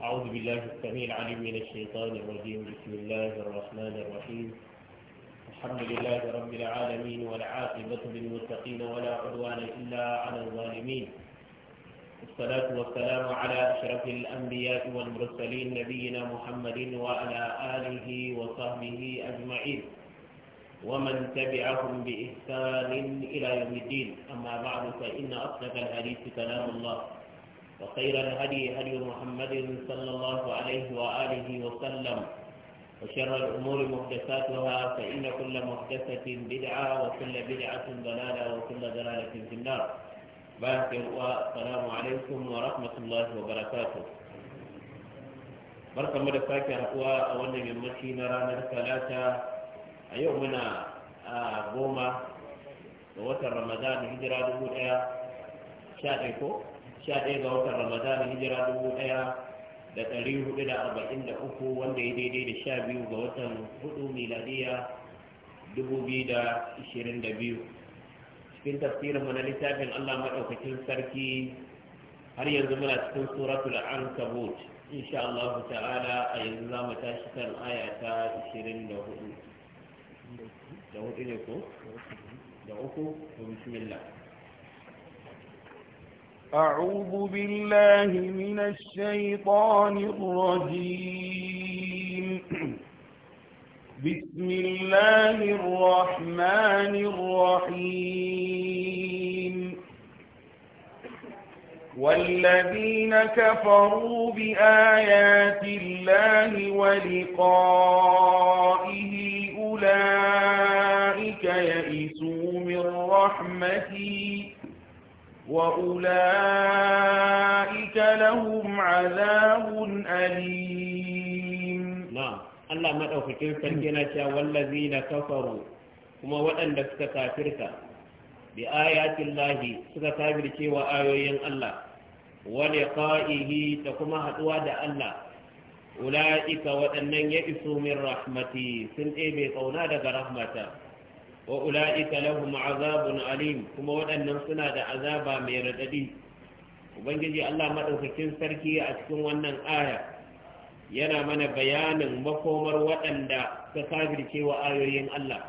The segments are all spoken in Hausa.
أعوذ بالله السميع العليم من الشيطان الرجيم بسم الله الرحمن الرحيم الحمد لله رب العالمين والعاقبة للمتقين ولا عدوان إلا على الظالمين والصلاة والسلام على أشرف الأنبياء والمرسلين نبينا محمد وعلى آله وصحبه أجمعين ومن تبعهم بإحسان إلى يوم الدين أما بعد فإن أصدق الحديث كلام الله وخير الهدي هدي محمد صلى الله عليه وآله وسلم وشر الأمور محدثاتها فإن كل محدثة بدعة وكل بدعة ضلالة وكل ضلالة في النار بارك والسلام عليكم ورحمة الله وبركاته barkan mu da sake haɗuwa a wannan yammaci na ranar talata a yau muna a goma ga sha ga watan ramadana hijira dubu ɗaya da ɗari hudu da arba'in da uku wanda ya daidai da sha biyu ga watan hudu miladiya dubu biyu da ishirin da biyu cikin tafsirin mana littafin allah maɗaukakin sarki har yanzu muna cikin suratul ankabut insha allah ta'ala a yanzu za mu tashi kan aya ta ishirin da hudu da ne ko da uku to bismillah أعوذ بالله من الشيطان الرجيم بسم الله الرحمن الرحيم والذين كفروا بآيات الله ولقائه أولئك يئسوا من رحمتي وأولئك لهم عذاب أليم نعم الله ما أوفكين سنجنة والذين كفروا كما وأن لك كافرك بآيات الله سكافرك وآيوين الله ولقائه تكما هتواد الله أولئك وأن يئسوا من رحمتي سنئي بقونا لك رحمته wa ula'ika lahum azabun alim kuma waɗannan suna da azaba mai radadi ubangiji Allah madaukakin sarki a cikin wannan aya yana mana bayanin makomar waɗanda suka kafirce wa ayoyin Allah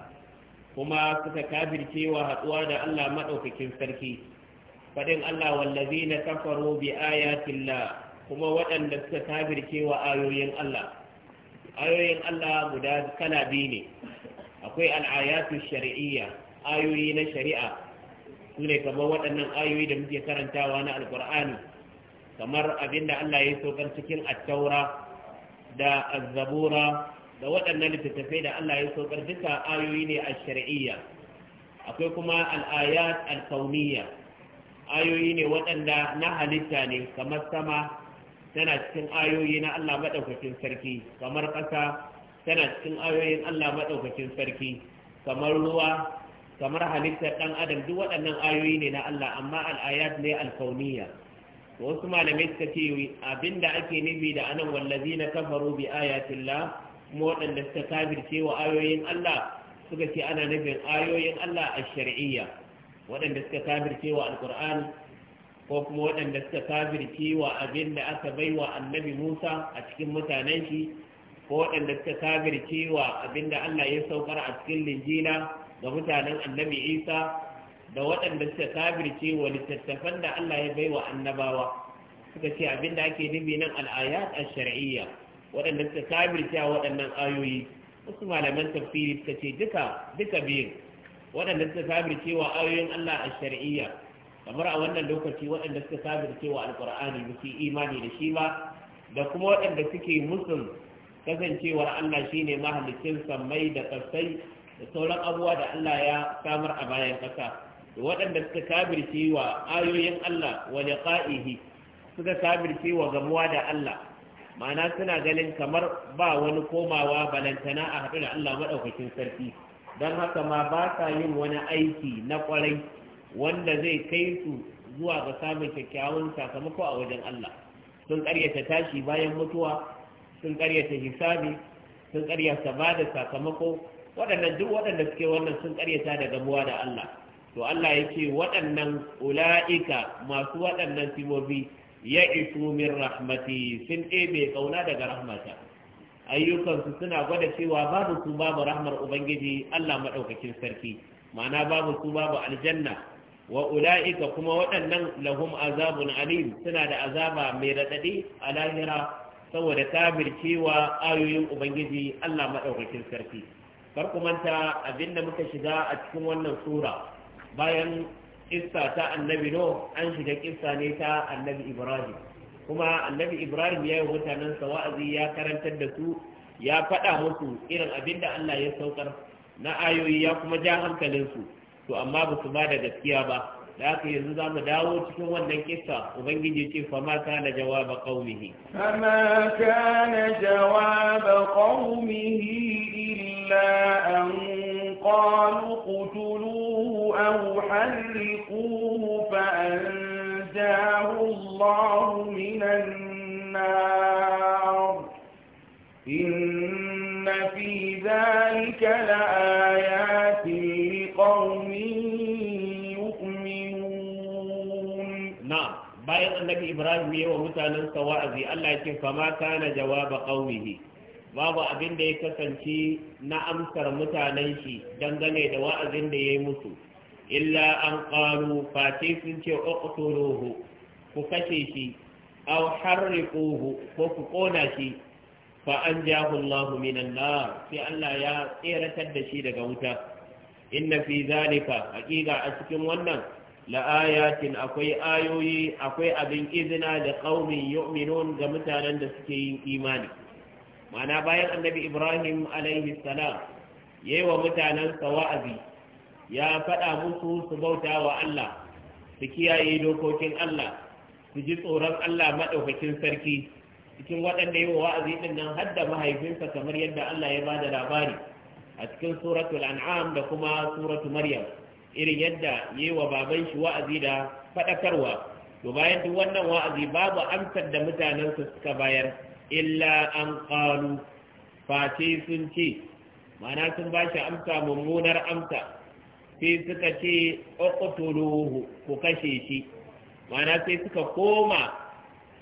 kuma suka kafirce wa haɗuwa da Allah madaukakin sarki fadin Allah wallazina kafaru bi ayatillah kuma waɗanda suka kafirce wa ayoyin Allah ayoyin Allah guda kala biyu ne akwai al'ayatu shari'iyya ayoyi na shari'a su ne kamar waɗannan ayoyi da muke karantawa na alkur'ani kamar abinda Allah ya saukar cikin attaura da azzabura da waɗannan littattafai da Allah ya saukar duka ayoyi ne a shari'iyya akwai kuma al'ayat al ayoyi ne waɗanda na halitta ne kamar sama tana cikin ayoyi na Allah maɗaukakin sarki kamar ƙasa tana cikin ayoyin Allah maɗaukakin sarki kamar ruwa kamar halittar ɗan adam duk waɗannan ayoyi ne na Allah amma al'ayat ne alkauniya wasu malamai suka ce da ake nufi da anan wallazi na kafaru bi ayatillah kuma waɗanda suka kafirce wa ayoyin Allah suka ce ana nufin ayoyin Allah a shari'iyya waɗanda suka kafirce wa ko kuma waɗanda suka kafirce wa abinda aka baiwa annabi Musa a cikin mutanen shi waɗanda suka kafirce wa abinda Allah ya saukar a cikin linjina ga mutanen annabi Isa da waɗanda suka kafirce wa littattafan da Allah ya baiwa annabawa suka ce abinda ake nufi nan al'ayat ash-shar'iyya waɗanda suka kafirce wa waɗannan ayoyi wasu malaman tafsiri suka ce duka duka biyun waɗanda suka kafirce wa ayoyin Allah ash-shar'iyya kamar a wannan lokaci waɗanda suka kafirce wa alqur'ani ba su imani da shi ba da kuma waɗanda suke musun kasancewar Allah shi ne mahallicin samai da kasai da sauran abubuwa da Allah ya samar a bayan kasa da waɗanda suka kabircewa wa ayoyin Allah wa ƙa'ihi suka kabirce wa gamuwa da Allah ma'ana suna ganin kamar ba wani komawa balantana a haɗu da Allah maɗaukakin sarki don haka ma ba sa yin wani aiki na ƙwarai wanda zai kai su zuwa ga samun kyakkyawan sakamako a wajen Allah sun ƙaryata tashi bayan mutuwa sun karyata hisabi sun karyata ba da sakamako waɗannan duk waɗanda suke wannan sun karyata da gamuwa da Allah to Allah ya ce waɗannan ula'ika masu waɗannan simobi ya isu min rahmati sun ɗebe kauna daga rahmata ayyukansu suna gwada cewa babu su babu rahmar ubangiji Allah maɗaukakin sarki ma'ana babu su babu aljanna wa ula'ika kuma waɗannan lahum azabun alim suna da azaba mai raɗaɗi a lahira saboda ta bircewa ayoyin ubangiji Allah madaukakin sarki kar ku manta abinda muka shiga a cikin wannan sura bayan kissa ta annabi no an shiga kissa ne ta annabi ibrahim kuma annabi ibrahim ya yi mutanen sa wa'azi ya karantar da su ya faɗa musu irin abinda Allah ya saukar na ayoyi ya kuma ja su, to amma ba su ba da gaskiya ba da aka yanzu za mu dawo cikin wannan kisa ubangiji ce fama kana jawaba qaumihi fama kana jawaba qaumihi illa an qalu qutuluhu aw harriquhu fa anjahu Allah minan nar inna fi dhalika laayatin liqaumin bayan annabi ibrahim ya wa mutanen sa wa'azi Allah yake fama kana jawaba qaumihi babu abin da ya kasance na amsar mutanen shi dangane da wa'azin da yayi musu illa an qalu fati sun ce uqtuluhu ku kashe shi aw harriquhu ko ku kona shi fa anjahu Allah minan nar sai Allah ya tseratar da shi daga wuta inna fi zalika haqiqa a cikin wannan la'ayatin akwai ayoyi akwai abin izina da qaumin yu'minun ga mutanen da suke yin imani mana bayan annabi Ibrahim alaihi salam yayi wa mutanen sawazi wa'azi ya faɗa musu su bauta wa Allah su kiyaye dokokin Allah su ji tsoron Allah maɗaukakin sarki cikin waɗanda yi wa wa'azi ɗinnan nan har da mahaifinsa kamar yadda Allah ya ba da labari a cikin suratul an'am da kuma suratu maryam irin yadda yi wa baban shi wa'azi da faɗakarwa to bayan duk wannan wa'azi babu amsar da su suka bayar illa an ƙalu face sun ce mana sun ba shi amsa mummunar amsa sai suka ce ƙwaƙwatuluhu ku kashe shi mana sai suka koma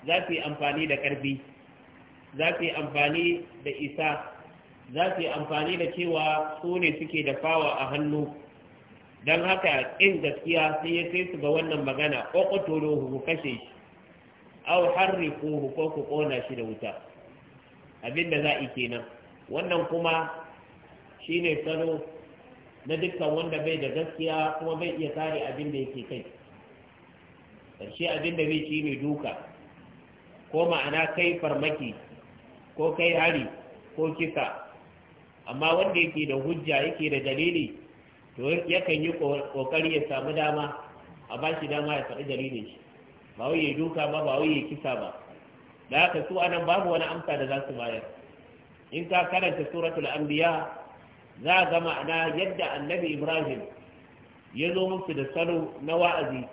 za su yi amfani da ƙarfi za su yi amfani da isa za su yi amfani da cewa su ne suke da fawa a hannu don haka in gaskiya sai ya kai su ga wannan magana kotoro ku kashe shi au harriku ko ku kona shi da wuta abin da za kenan wannan kuma shine tsaro na dukkan wanda bai da gaskiya kuma bai iya kare abin da yake kai ƙarshe abin da bai shine duka ko ma'ana kai farmaki ko kai hari ko kisa amma wanda yake da hujja yake da dalili yakan yi kokari ya samu dama a ba shi dama ya faɗi dalilin shi ba wai ya duka ba ba wai ya kisa ba da haka su anan babu wani amsa da za su bayar in ka karanta suratul anbiya za ga ma'ana yadda annabi ibrahim ya zo musu da salo na wa'azi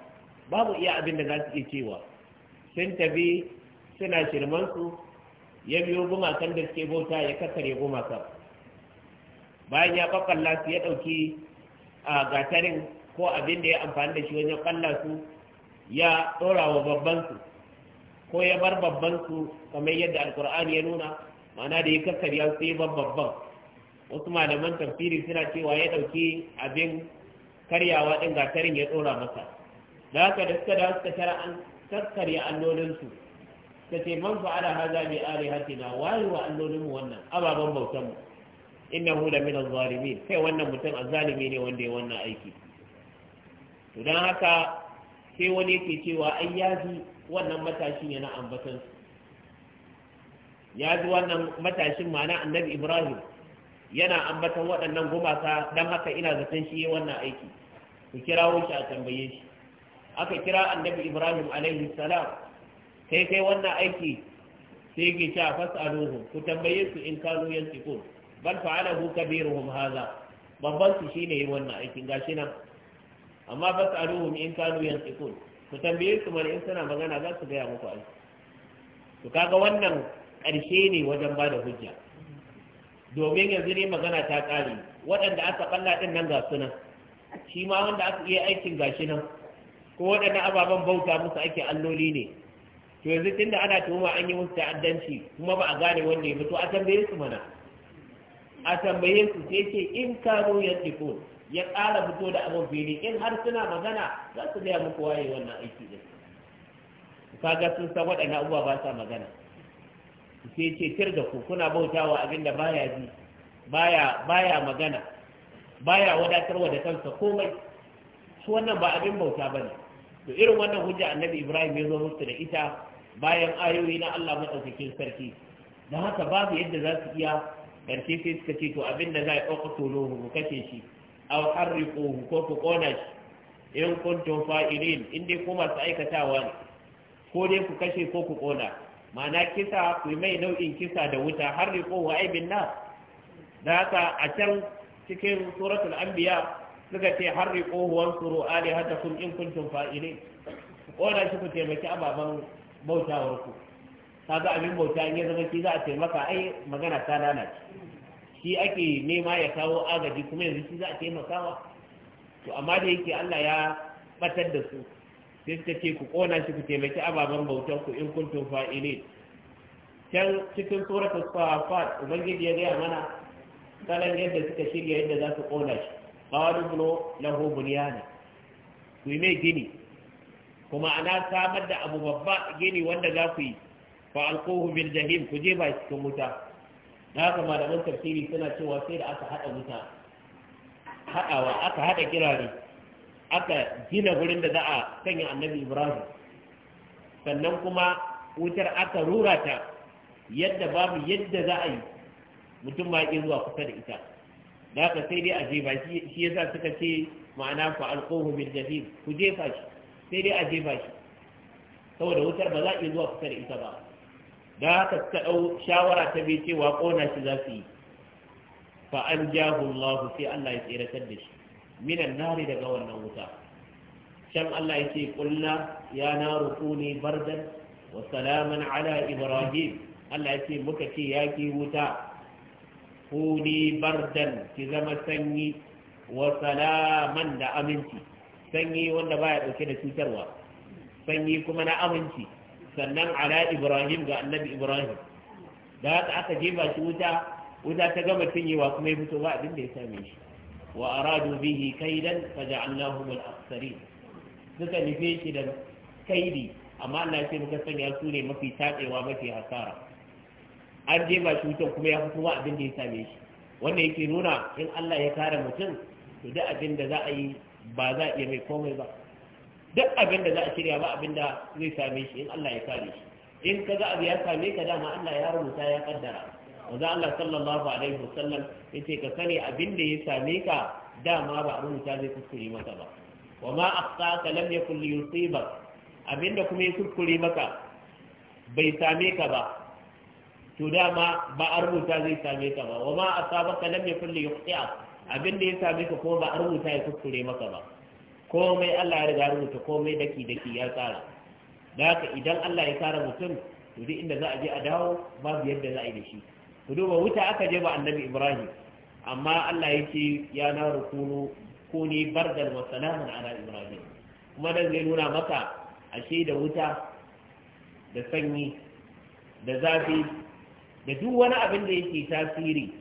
babu iya abin da za su iya cewa sun tafi suna shirmansu ya biyo gumakan da suke bauta ya kakkare gumakan bayan ya ɓaɓɓalla su ya ɗauki a gatarin ko abin da ya amfani da shi wajen kalla su ya ɗora wa babban ko ya bar babban su kamar yadda alkur'ani ya nuna ma'ana da ya kakkarya sai ban babban wasu malaman tafsiri suna cewa ya ɗauki abin karyawa ɗin gatarin ya ɗora masa da haka da suka da suka tara an kakkarya allolinsu ta ce man fa'ala haza bi alihatina wayi wa allolinmu wannan ababen bautanmu innahu la min az-zalimin kai wannan mutum zalimi ne wanda ya wannan aiki to dan haka sai wani yake cewa ai yaji wannan matashin yana ambatan yaji wannan matashin ma'ana annabi Ibrahim yana ambatan waɗannan gumaka dan haka ina zaton shi wannan aiki ku kirawo shi a tambaye shi aka kira annabi Ibrahim alaihi salam kai kai wannan aiki sai ke cewa fas'aluhu ku tambaye su in kanu yantiqun bal fa'alahu kabiruhum hadha babban su shine yi wannan aikin gashi nan amma fasaluhum in kanu yantiqun ku tambaye su mana in suna magana za su gaya muku aiki to kaga wannan ƙarshe ne wajen ba da hujja domin yanzu ne magana ta ƙare waɗanda aka ɓalla ɗin nan ga sunan shi ma wanda aka iya aikin gashi nan ko waɗannan ababen bauta musu ake alloli ne to yanzu tunda ana tuhuma an yi musu ta'addanci kuma ba a gane wanda ya fito a tambaye su mana a tambaye su sai ce in kano ya tiko ya ƙara fito da abin fili in har suna magana za su gaya muku waye wannan aiki da kaga sun san waɗannan abubuwa ba sa magana sai ce tir da ku kuna bautawa abin da baya ji baya baya magana baya wadatarwa da kansa komai su wannan ba abin bauta ba ne. to irin wannan hujja annabi Ibrahim ya zo musu da ita bayan ayoyi na Allah madaukakin sarki Da haka babu yadda za su iya karshe sai suka ce to abin da za a ƙwaƙwatolo mu kashe shi aw harriquhu ko ku kona shi in kuntum fa'ilin in dai ko masu aikatawa ne ko dai ku kashe ko ku kona ma'ana kisa ku mai nau'in kisa da wuta harriku wa aibin nar da haka a can cikin suratul anbiya suka ce harriquhu wansuru alihatakum in kuntum fa'ilin kona shi ku taimaki ababen bautawar ku Ka ga abin bauta in ya zama shi za a taimaka ai magana ta ce shi ake nema ya kawo agaji kuma yanzu shi za a taimakawa to amma da yake Allah ya batar da su sai suka ce ku kona shi ku taimaki ababen bautar ku in kuntum fa'ile can cikin suratul safat ubangiji ya gaya mana salon yadda suka shirya yadda za su kona shi qalu bunu lahu bunyana ku yi mai gini kuma ana samar da abu babba gini wanda za ku yi fa alquhu bil jahim ku je ba cikin wuta da haka malaman tafsiri suna cewa sai da aka hada wuta hadawa aka hada kirari aka gina gurin da za a sanya annabi ibrahim sannan kuma wutar aka rura ta yadda babu yadda za a yi mutum ma ya zuwa kusa da ita da haka sai dai a jefa shi yasa suka ce ma'ana fa alquhu bil jahim ku jefa shi sai dai a jefa shi saboda wutar ba za a iya zuwa kusa da ita ba da haka ɗau shawara ta bai cewa ƙona shi za su yi fa an jahu Allah sai Allah ya tseratar da shi minan nari daga wannan wuta can Allah ya ce kulla ya naru kuni bardan wa salaman ala ibrahim Allah ya ce muka ce ya ki wuta kuni bardan ki zama sanyi wa salaman da aminci sanyi wanda baya dauke da cutarwa sanyi kuma na aminci sannan ala ibrahim ga annabi ibrahim da haka aka jefa shi wuta wuta ta gama cinyewa kuma ya fito ba abin da ya same shi wa aradu bihi kaidan faja'alnahum al-akhsarin suka nufe shi da kaidi amma Allah ya ce muka sanya su ne mafi tatsewa mafi hasara an jefa shi wutan kuma ya fito ba abin da ya same shi wanda yake nuna in Allah ya kare mutum to duk abin da za a yi ba za a iya mai komai ba duk abin da za a shirya ba abin da zai same shi in Allah ya kare shi in ka kaga abu ya same ka dama Allah ya rubuta ya kaddara manzo Allah sallallahu alaihi wasallam yace ka sani abin da ya same ka dama ba a rubuta zai kuskure maka ba wa ma aqsaka lam yakun li yusibak abin da kuma ya kuskure maka bai same ka ba to dama ba a rubuta zai same ka ba wa ma asabaka lam yakun li yuqti'a abin da ya same ka kuma ba a rubuta ya kuskure maka ba komai Allah ya riga rubuta komai daki daki ya tsara da haka idan Allah ya tsara mutum to duk inda za a je a dawo babu yadda za a yi da shi ku duba wuta aka je ba annabi Ibrahim amma Allah ya ce ya na rukunu kuni bardan wa salamun ala Ibrahim kuma dan zai nuna maka ashe da wuta da sanyi da zafi da duk wani abin da yake tasiri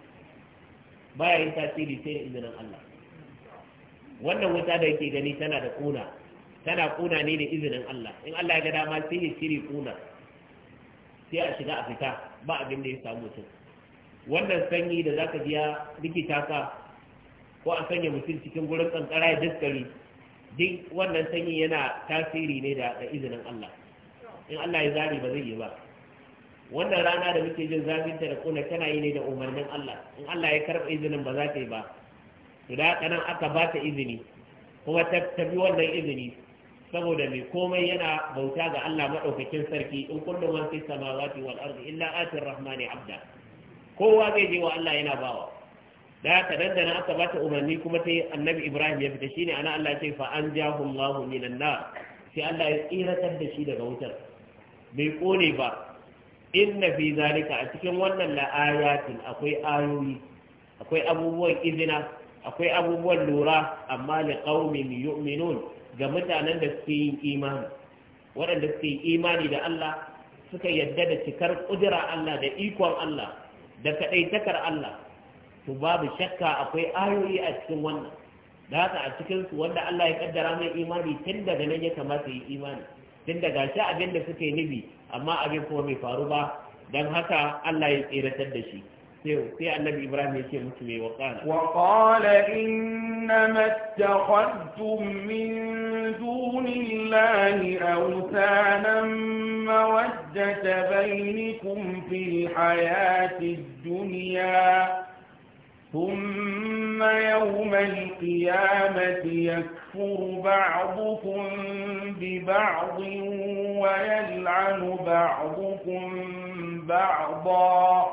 baya yin tasiri sai da izinin Allah wannan wuta da yake gani tana da kuna tana kuna ne da izinin Allah in Allah ya ga dama sai ya shiri kuna sai a shiga a fita ba abin da ya samu mutum wannan sanyi da zaka ji ya rikita ko a sanya mutum cikin gurin kankara ya daskari duk wannan sanyi yana tasiri ne da izinin Allah in Allah ya zari ba zai yi ba wannan rana da muke jin zafinta da kuna tana yi ne da umarnin Allah in Allah ya karɓa izinin ba za ta yi ba to da aka ba ta izini kuma ta tabi wannan izini saboda mai komai yana bauta ga Allah madaukakin sarki in kullum man fi samawati wal ardi illa atir rahmani abda kowa zai je wa Allah yana bawa da ta dandana da aka ba ta umarni kuma ta annabi Ibrahim ya fita shine ana Allah ya ce fa anjahu Allahu minan nar sai Allah ya tsiratar da shi daga wutar bai kone ba inna fi zalika a cikin wannan la'ayatin akwai ayoyi akwai abubuwan izina akwai abubuwan lura amma li qaumin yu'minun ga mutanen da suke yin imani waɗanda suke yin imani da Allah suka yadda da cikar kudura Allah da ikon Allah da kadaitakar Allah to babu shakka akwai ayoyi a cikin wannan da haka a cikin su wanda Allah ya kaddara mai imani tun daga nan ya kamata yi imani tun daga shi abin da suke nubi amma abin kuma bai faru ba don haka Allah ya tseratar da shi في إبراهيم يشير إيه؟ وقال وقال إنما اتخذتم من دون الله أوثانا مودة بينكم في الحياة الدنيا ثم يوم القيامة يكفر بعضكم ببعض ويلعن بعضكم بعضا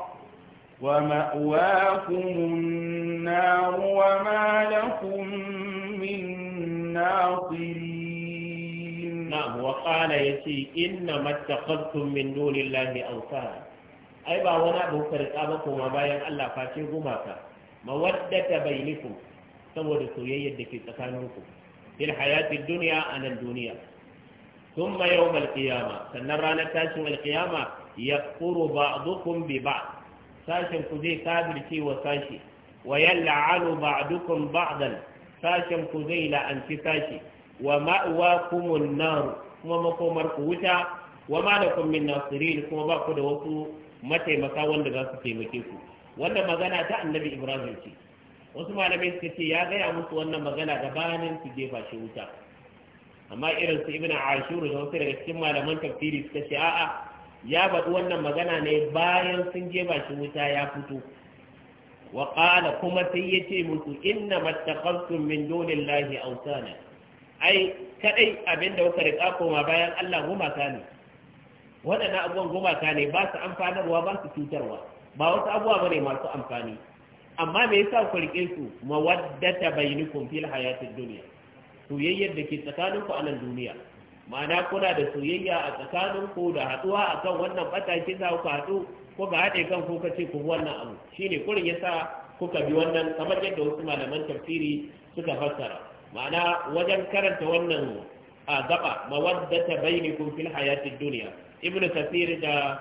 ومأواكم النار وما لكم من ناصرين نعم وقال يتي إنما اتخذتم من دون الله أوثانا أي با وانا أبو فرقابكم وبايا الله فاتي غماكا مودة بينكم saboda soyayyar da ke tsakaninku fil duniya dunya anan duniya thumma yawm al sannan ranar tashin al-qiyama yakfuru ba sashen ku zai sabirce wa sashe wa ba ba'dukum ba'dan sashen ku zai la'anci sashe wa ma'wakumun na kuma makomar ku wuta wa ma min nasirin kuma ba ku da wasu mataimaka wanda za su taimake ku wannan magana ta annabi Ibrahim ce wasu malamai suka ce ya gaya musu wannan magana gabanin su jefa shi wuta amma irin su ibn ashur da wasu daga cikin malaman tafsiri suka ce a'a ya faɗi wannan magana ne bayan sun je shi wuta ya fito wa ƙala kuma sai ya ce musu inna mattaqaltum min dunillahi awsana ai kadai abinda kuka rika koma bayan Allah gumaka ne waɗannan abubuwan gumaka ne ba su amfanarwa ba su cutarwa ba wasu abubuwa ba ne masu amfani amma me yasa ku rike su mawaddata bainakum fil hayatid dunya soyayyar da ke tsakaninku a nan duniya ma'ana kuna da soyayya a tsakanin ku da haɗuwa akan wannan matakin za ku haɗu kuka haɗe kan ku kace ku wannan abu shine kurin yasa kuka bi wannan kamar yadda wasu malaman tafsiri suka fassara ma'ana wajen karanta wannan a gaba mawaddata bainakum fil hayatid dunya ibnu kathir da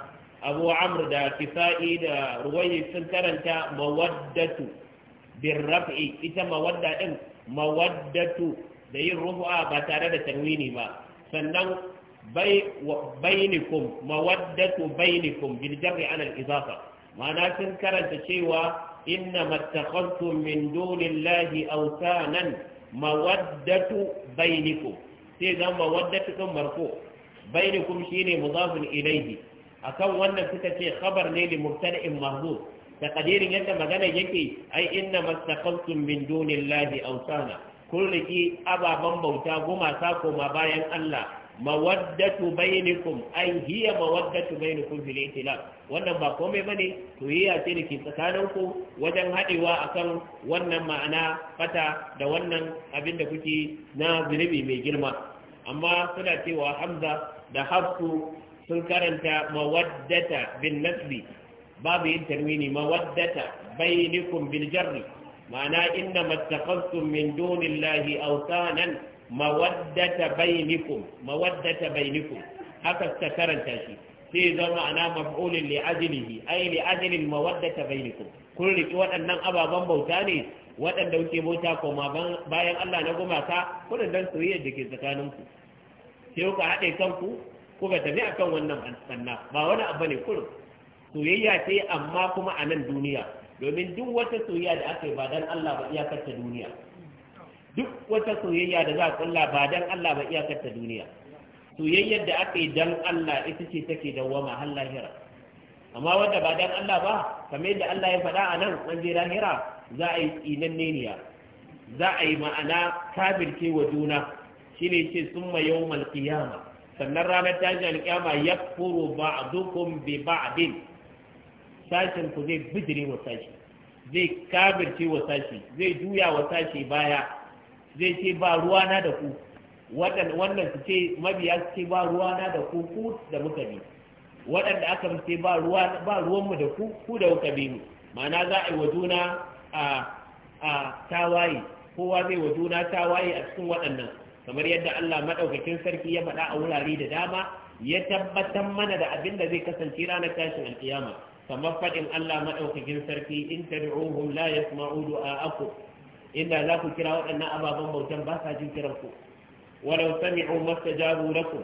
abu amr da kisa'i da ruwayi sun karanta mawaddatu birraf'i ita mawadda din mawaddatu da yin ruhu'a ba tare da tanwini ba sannan bainikum mawaddatu bainikum bil jarri ala al ma'ana sun karanta cewa inna mattakhadtum min dunillahi awsanan mawaddatu bainikum sai zan mawaddatu din marko. bainikum shine mudafun ilayhi akan wannan suka ce khabar ne li mubtada'in mahdhuf yadda magana yake ai inna mattakhadtum min dunillahi awsana kun riki ababen bauta gumasa koma bayan Allah mawaddatu bainakum ay hiya mawaddatu bainakum fil itilaf wannan ba komai bane to yayya ce dake tsakanin ku wajen hadewa akan wannan ma'ana fata da wannan abin da kuke na zunubi mai girma amma suna cewa hamza da hafsu sun karanta mawaddata bin nasbi babu yin tarwini mawaddata bainakum bil jarri ma'ana inna mattakhastum min dunillahi awtanan mawaddata bainakum mawaddata bainakum haka ta karanta shi sai zama ana maf'ulin li ajlihi ay li mawaddata bainakum kun waɗannan ababen bauta ne waɗanda kuke bauta koma bayan Allah na gumaka kudin dan soyayya da ke tsakaninku sai ku haɗe kanku kuka tafi akan wannan anna ba wani abu ne kurin soyayya ce amma kuma a nan duniya domin duk wata soyayya da aka yi ba dan Allah ba iyakar ta duniya duk wata soyayya da za a kulla ba dan Allah ba iyakar ta duniya soyayyar da aka yi dan Allah ita ce take wama har lahira amma wanda ba dan Allah ba kamar yadda Allah ya faɗa a nan lahira za a yi tsinanne niya za a yi ma'ana kafirce wa juna shine ce summa yawmal qiyama sannan ranar tashin alƙiyama yakfuru ba bi ba'din sashen ku zai bijire wa sashi zai kabirce wa sashi zai juya wa sashi baya zai ce ba ruwa na da ku wannan su ce mabiya su ce ba ruwa na da ku ku da muka bi waɗanda aka mu ce ba ruwanmu da ku ku da muka bi mu ma'ana za a yi wa juna a tawaye kowa zai wa juna tawaye a cikin waɗannan kamar yadda Allah maɗaukakin sarki ya faɗa a wurare da dama ya tabbatar mana da abin da zai kasance ranar tashin alkiyama kamar faɗin Allah maɗaukakin sarki in tad'uhum la yasma'u du'a'akum inda za ku kira waɗannan ababen bautan ba sa jin kiran ku walau sami'u mastajabu lakum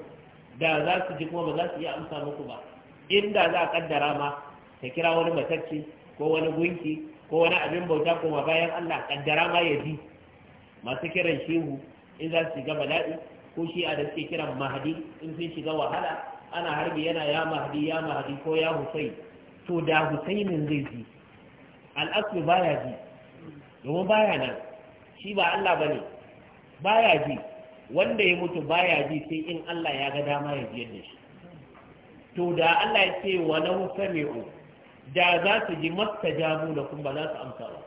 da za su ji kuma ba za su iya amsa muku ba inda za a kaddara ma ta kira wani matacce ko wani gunki ko wani abin bauta kuma bayan Allah kaddara ma ya ji masu kiran shehu in za su shiga bala'i ko shi a da suke kiran mahadi in sun shiga wahala ana harbi yana ya mahadi ya mahadi ko ya husai to da husainin zai ji al'aslu baya ji domin baya nan shi ba Allah ba ne baya ji wanda ya mutu baya ji sai in Allah ya ga dama ya ji da shi to da Allah ya ce wa lahu sami'u da za su ji jamu da kuma ba za su amsa ba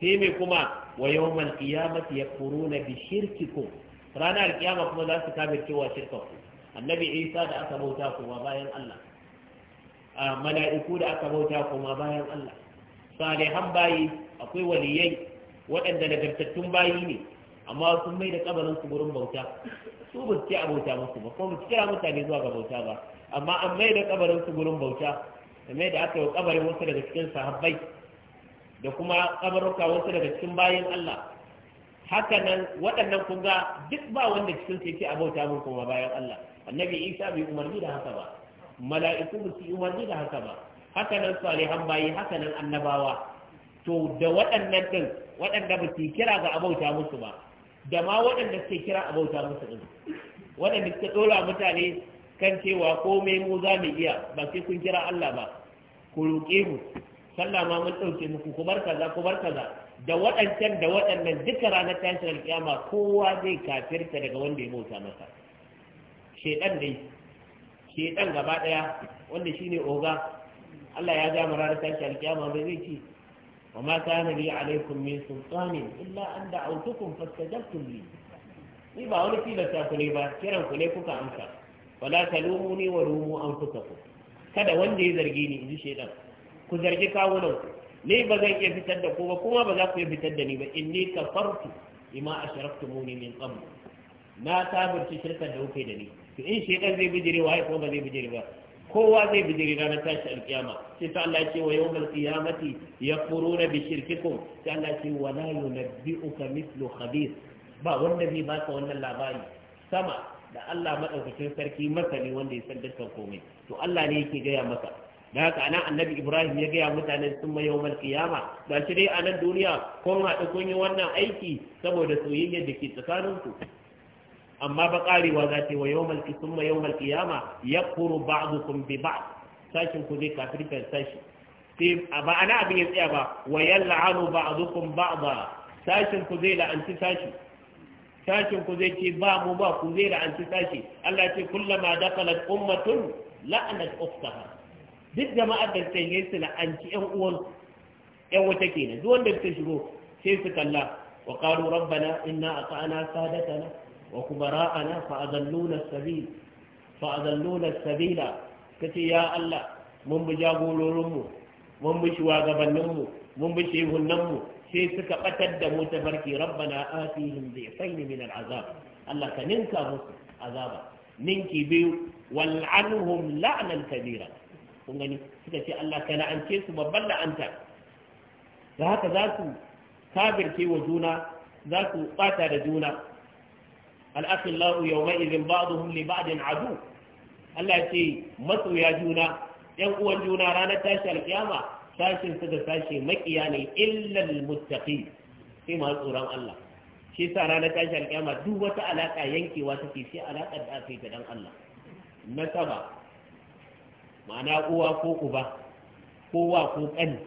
sai mai kuma wa ya qiyamati na bi shirkikum ranar kiyama kuma za su kafirce cewa shirkaku annabi Isa da aka bauta kuma bayan Allah mala'iku da aka bauta kuma bayan Allah salihan bayi akwai waliyai waɗanda nagartattun bayi ne amma sun mai da kabarin su gurin bauta su ba su ce a bauta musu ba kuma su kira mutane zuwa ga bauta ba amma an mai da kabarin su gurin bauta da mai da aka yi kabarin wasu daga cikin sahabbai da kuma kabaruka wasu daga cikin bayin Allah haka nan waɗannan kun ga duk ba wanda cikin su yake a bauta mun kuma bayan Allah annabi Isa bai umarni da haka ba mala'iku ba su yi wani da haka ba haka nan salihan bayi haka nan annabawa to da waɗannan din waɗanda ba su kira ga abauta musu ba da ma waɗanda suke kira abauta musu din waɗanda suka ɗora mutane kan cewa komai mu za mu iya ba sai kun kira Allah ba ku roƙe mu sallah ma mun ɗauke muku ku bar kaza ku bar kaza da waɗancan da waɗannan duka ranar tashin alƙiyama kowa zai kafirta daga wanda ya bauta masa shedan dai shedan gaba daya wanda shine oga Allah ya ga mara da tashi alkiyama bai zai ci wa ma kana li alaikum min sultanin illa an da'awtukum fastajabtum li ni ba wani tilasta ku ne ba kiran ku ne kuka amsa wala talumuni wa rumu ku? kada wanda ya zargi ni ji shedan ku zargi kawunan ni ba zan iya fitar da ku ba kuma ba za ku iya fitar da ni ba in inni kafartu bima asharaktumuni min qabl na sabirci shirkar da kuke da ni to in shaitan zai bijiri wa kuma ba zai bijire ba kowa zai bijire ranar tashi alkiyama sai ta Allah ce wa yawmal qiyamati yaquruna bi shirkikum sai Allah ce wa la yunabbi'uka mithlu khabir ba wanda zai baka wannan labari sama da Allah madaukakin sarki masani wanda ya san dukkan komai to Allah ne yake gaya maka da haka anan annabi ibrahim ya gaya mutane sun mai yawon kiyama da shi dai a nan duniya kun haɗu kun yi wannan aiki saboda soyayyar da ke tsakaninku amma ba karewa za ta yi wa yawmal kisumma yawmal ba a zukun bi ba sashin ku zai kafirta sashi sai ba ana abin ya tsaya ba wa zukun ba'dukum ba sashin ku zai la'anci sashi sashin ku zai ce ba mu ba ku zai la'anci sashi Allah ce kullama dakalat ummatun la'anat ukhtaha duk jama'ar da ta yi su la'anci yan uwan yan wata kenan duk wanda ta shigo sai su kalla wa qalu rabbana inna ata'ana sadatana وكبراءنا فأذلونا السبيل فأذلونا السبيل كتي يا الله من بجابوا لرمو من بشواغ بنمو من بشيه النمو sai suka batar da mu tafarki rabbana atihim dhifayn min al'azab Allah ka ninka musu azaba ninki biyu wal'anhum la'nan kabira kun gani suka ce Allah ka la'ance su babban la'anta da haka za su kafirce wa juna za su bata da juna al'akhillahu yawma'idhin ba'dhum li ba'din adu Allah ce masoya juna ‘yan uwan juna ranar tashi alƙiyama, sashin su da sashe makiya ne illal mutafi sai tsoron Allah shi sa ranar tashi alƙiyama. duk wata alaka yankewa take sai alakar da aka yi ta dan Allah nasaba ma'ana uwa ko uba kowa ko kani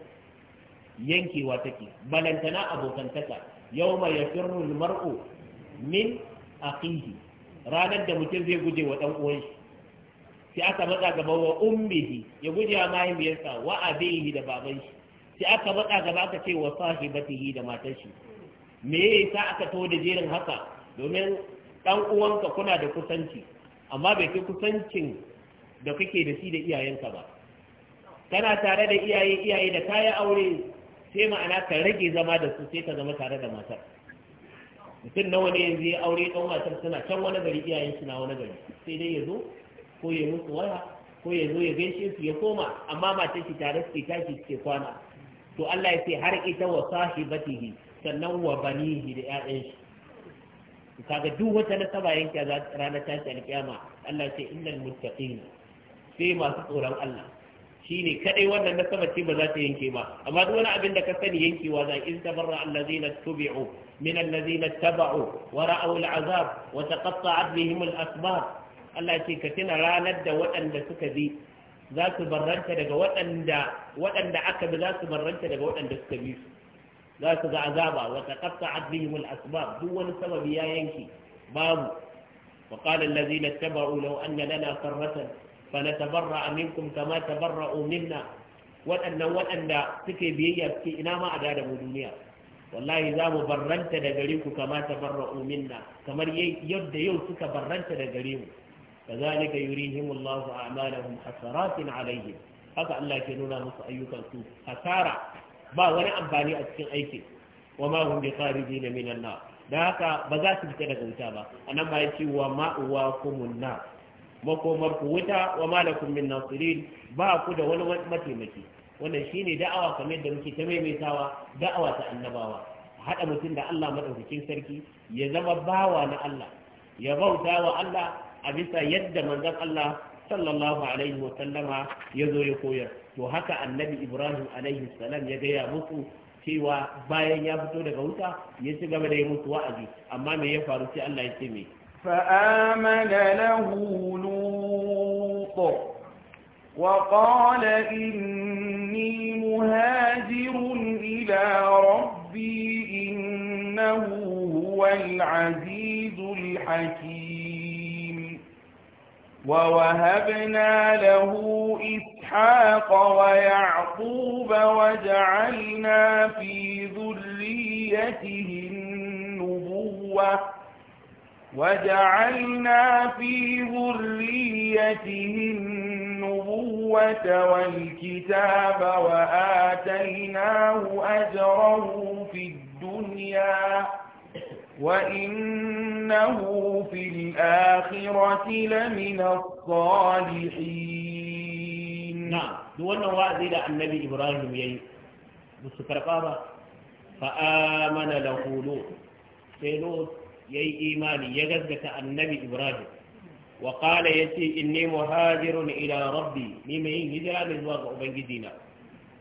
yankewa take balantana abokantaka yawma yafirru mar'u min akhihi ranar da mutum zai guje wa dan uwan shi sai aka matsa gaba wa ummihi ya guje wa mahaifiyarsa wa abihi da baban shi sai aka matsa gaba aka ce wa sahibatihi da matar shi me yasa aka to da jerin haka domin dan uwanka kuna da kusanci amma bai kai kusancin da kake da shi da iyayenka ba kana tare da iyaye iyaye da kayan aure sai ma'ana ka rage zama da su sai ka zama tare da matar mutum nawa ne yanzu ya aure ɗan wasan suna can wani gari iyayen suna wani gari sai dai ya zo ko ya musu waya ko ya zo ya gaishe su ya koma amma matar shi tare suke tashi suke kwana to Allah ya ce har ita wa sahibatihi sannan wa banihi da ƴaƴan shi kaga duk wata nasaba yanke ranar tashi alƙiyama Allah ya ce innal muttaqina sai masu tsoron Allah ne kadai wannan na sama ce ba za ta yanke ba amma duk wani abin da ka sani yankewa za in tabarra allazina tubi'u min allazina taba'u wa ra'aw al'azab wa taqatta'at bihim al'asbab Allah ce ka tuna ranar da waɗanda suka bi za su barranta daga waɗanda waɗanda aka bi za su barranta daga waɗanda suka bi su za su ga azaba wa taqatta'at bihim al'asbab duk wani sababi ya yanke babu وقال الذين اتبعوا فنتبرأ منكم كما تبرأوا منا waɗannan waɗanda suke biyayya suke ina ma da mu duniya wallahi za mu barranta da gare ku kama tabarra'u minna kamar yadda yau suka barranta da gare mu kazalika yurihimullahu a'malahum hasaratin alaihim haka Allah ke nuna musu ayyukan su hasara ba wani amfani a cikin aiki wa ma hum bi kharijin minan da haka ba za su fita da wuta ba anan ma yace wa ma'uwa kumun nar makomar ku wuta wa malakum min nasirin ba ku da wani mataimaki wannan shine da'awa kamar yadda muke ta maimaitawa da'awa ta annabawa haɗa mutum da Allah madaukakin sarki ya zama bawa na Allah ya bauta wa Allah a bisa yadda manzon Allah sallallahu alaihi wa sallama ya zo ya koyar to haka annabi Ibrahim alaihi salam ya gaya musu cewa bayan ya fito daga wuta ya ci gaba da yi musu wa'azi amma me ya faru sai Allah ya ce me فآمن له لوط وقال إني مهاجر إلى ربي إنه هو العزيز الحكيم ووهبنا له إسحاق ويعقوب وجعلنا في ذريته النبوة وجعلنا في ذريته النبوة والكتاب وآتيناه أجره في الدنيا وإنه في الآخرة لمن الصالحين نعم دون وعد إلى النبي إبراهيم يي بس فآمن له لوط yayi imani ya gaskata annabi ibrahim wa ya ce inni muhajirun ila rabbi ni mai yin hijira ne zuwa ga ubangijina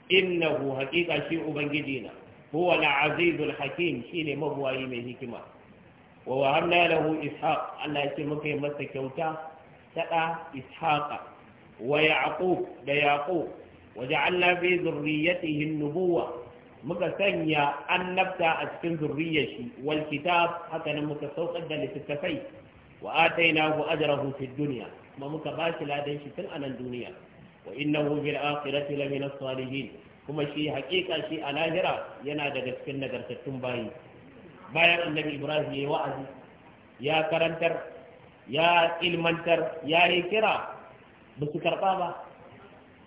innahu haqiqa shi ubangijina huwa al-azizul hakim shine mabuwayi mai hikima wa wahabna lahu ishaq Allah yace muka yi masa kyauta ta da ishaqa wa yaqub da yaqub wa ja'alna fi dhurriyyatihi an muka sanya annabta a cikin zurriyar shi wal kitab haka nan muka saukar da littattafai wa atainahu ajrahu fid dunya kuma muka ba shi ladan shi tun a nan duniya wa innahu fil akhirati lamin salihin kuma shi hakika shi a lahira yana daga cikin nagartattun bayi bayan annabi ibrahim ya wa'azi ya karantar ya ilmantar ya yi kira ba su karɓa ba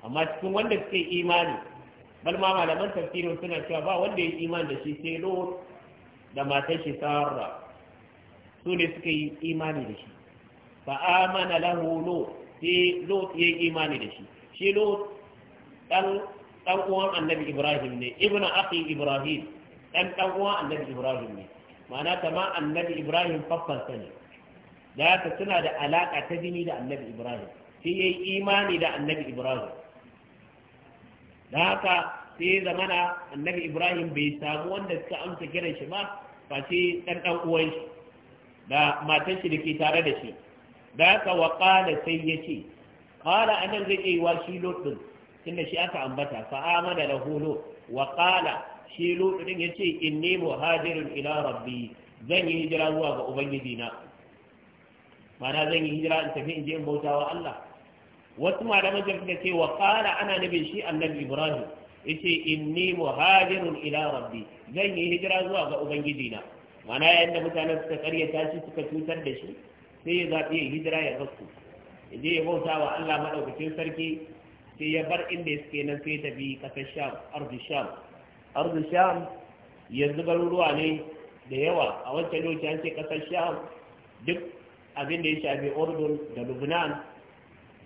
amma cikin wanda suke imani bal ma malaman tafsirin suna cewa ba wanda ya iman da shi sai lot da matan shi sarra su ne suka yi imani da shi fa amana lahu lot sai lot ya yi imani da shi shi lot dan dan uwan annabi ibrahim ne ibnu akhi ibrahim dan dan uwan annabi ibrahim ne ma'ana kama annabi ibrahim faffansa ne da haka suna da alaka ta jini da annabi ibrahim sai yi imani da annabi ibrahim da haka sai zamana annabi ibrahim bai samu wanda suka amsa kiran shi ba face dan dan uwan shi da matan shi dake tare da shi da haka wa qala sai yace qala anan zai yi wa shi lot din tunda shi aka ambata fa amana lahu lot wa qala shi lot din yace inni muhajirun ila rabbi zan yi hijira zuwa ga ubangiji na mana zan yi hijira in tafi in je in bauta wa Allah wasu malaman da suka ce wa ana nabin shi annabi ibrahim ce inni muhajirun ila rabbi zan yi hijira zuwa ga ubangiji na mana yayin da mutanen suka karyata tashi suka cutar da shi sai ya zaɓi ya hijira ya zasu je ya bauta wa Allah madaukakin sarki sai ya bar inda suke nan sai tafi kasar sham arzu sham arzu sham yanzu garuruwa ne da yawa a wancan lokaci an ce kasar sham duk abin da ya shafi urdun da lubnan